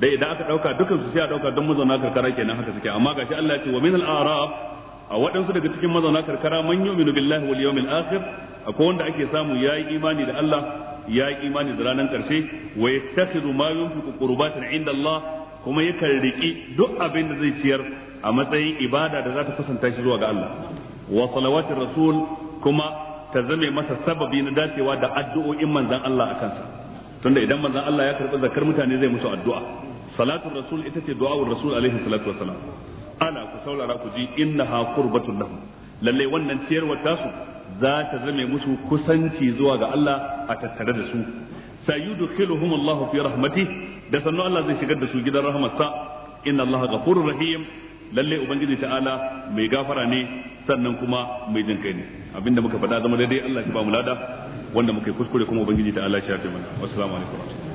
dai idan aka dauka dukkan su sai a dauka don mazauna karkara kenan haka suke amma gashi Allah ya ce wa min al-arab a waɗansu daga cikin mazauna karkara man yu'minu billahi wal yawmil akhir akwai wanda ake samu yayi imani da Allah yayi imani da ranar karshe wa yattakhidhu ma yunfiqu qurbatan inda Allah kuma yakan riki duk abin da zai ciyar a matsayin ibada da za ta kusanta shi zuwa ga Allah wa salawatir rasul kuma ta zame masa sababi na dacewa da addu'o'in manzan Allah a kansa tunda idan manzan Allah ya karɓi zakar mutane zai musu addu'a salatun rasul ita ce du'a'ur rasul alaihi salatu wassalam ala ku saurara ku ji innaha qurbatul lahum lalle wannan ciyarwar tasu za ta zame musu kusanci zuwa ga Allah a tattare da su sayudkhiluhum Allahu fi rahmatihi da sannu Allah zai shigar da su gidan rahmatsa inna Allah ghafurur rahim lalle ubangiji ta'ala mai gafara ne sannan kuma mai jin kai ne abinda muka faɗa zama daidai Allah shi ba mu lada wanda muka yi kuskure kuma ubangiji ta'ala shi ya mana assalamu alaikum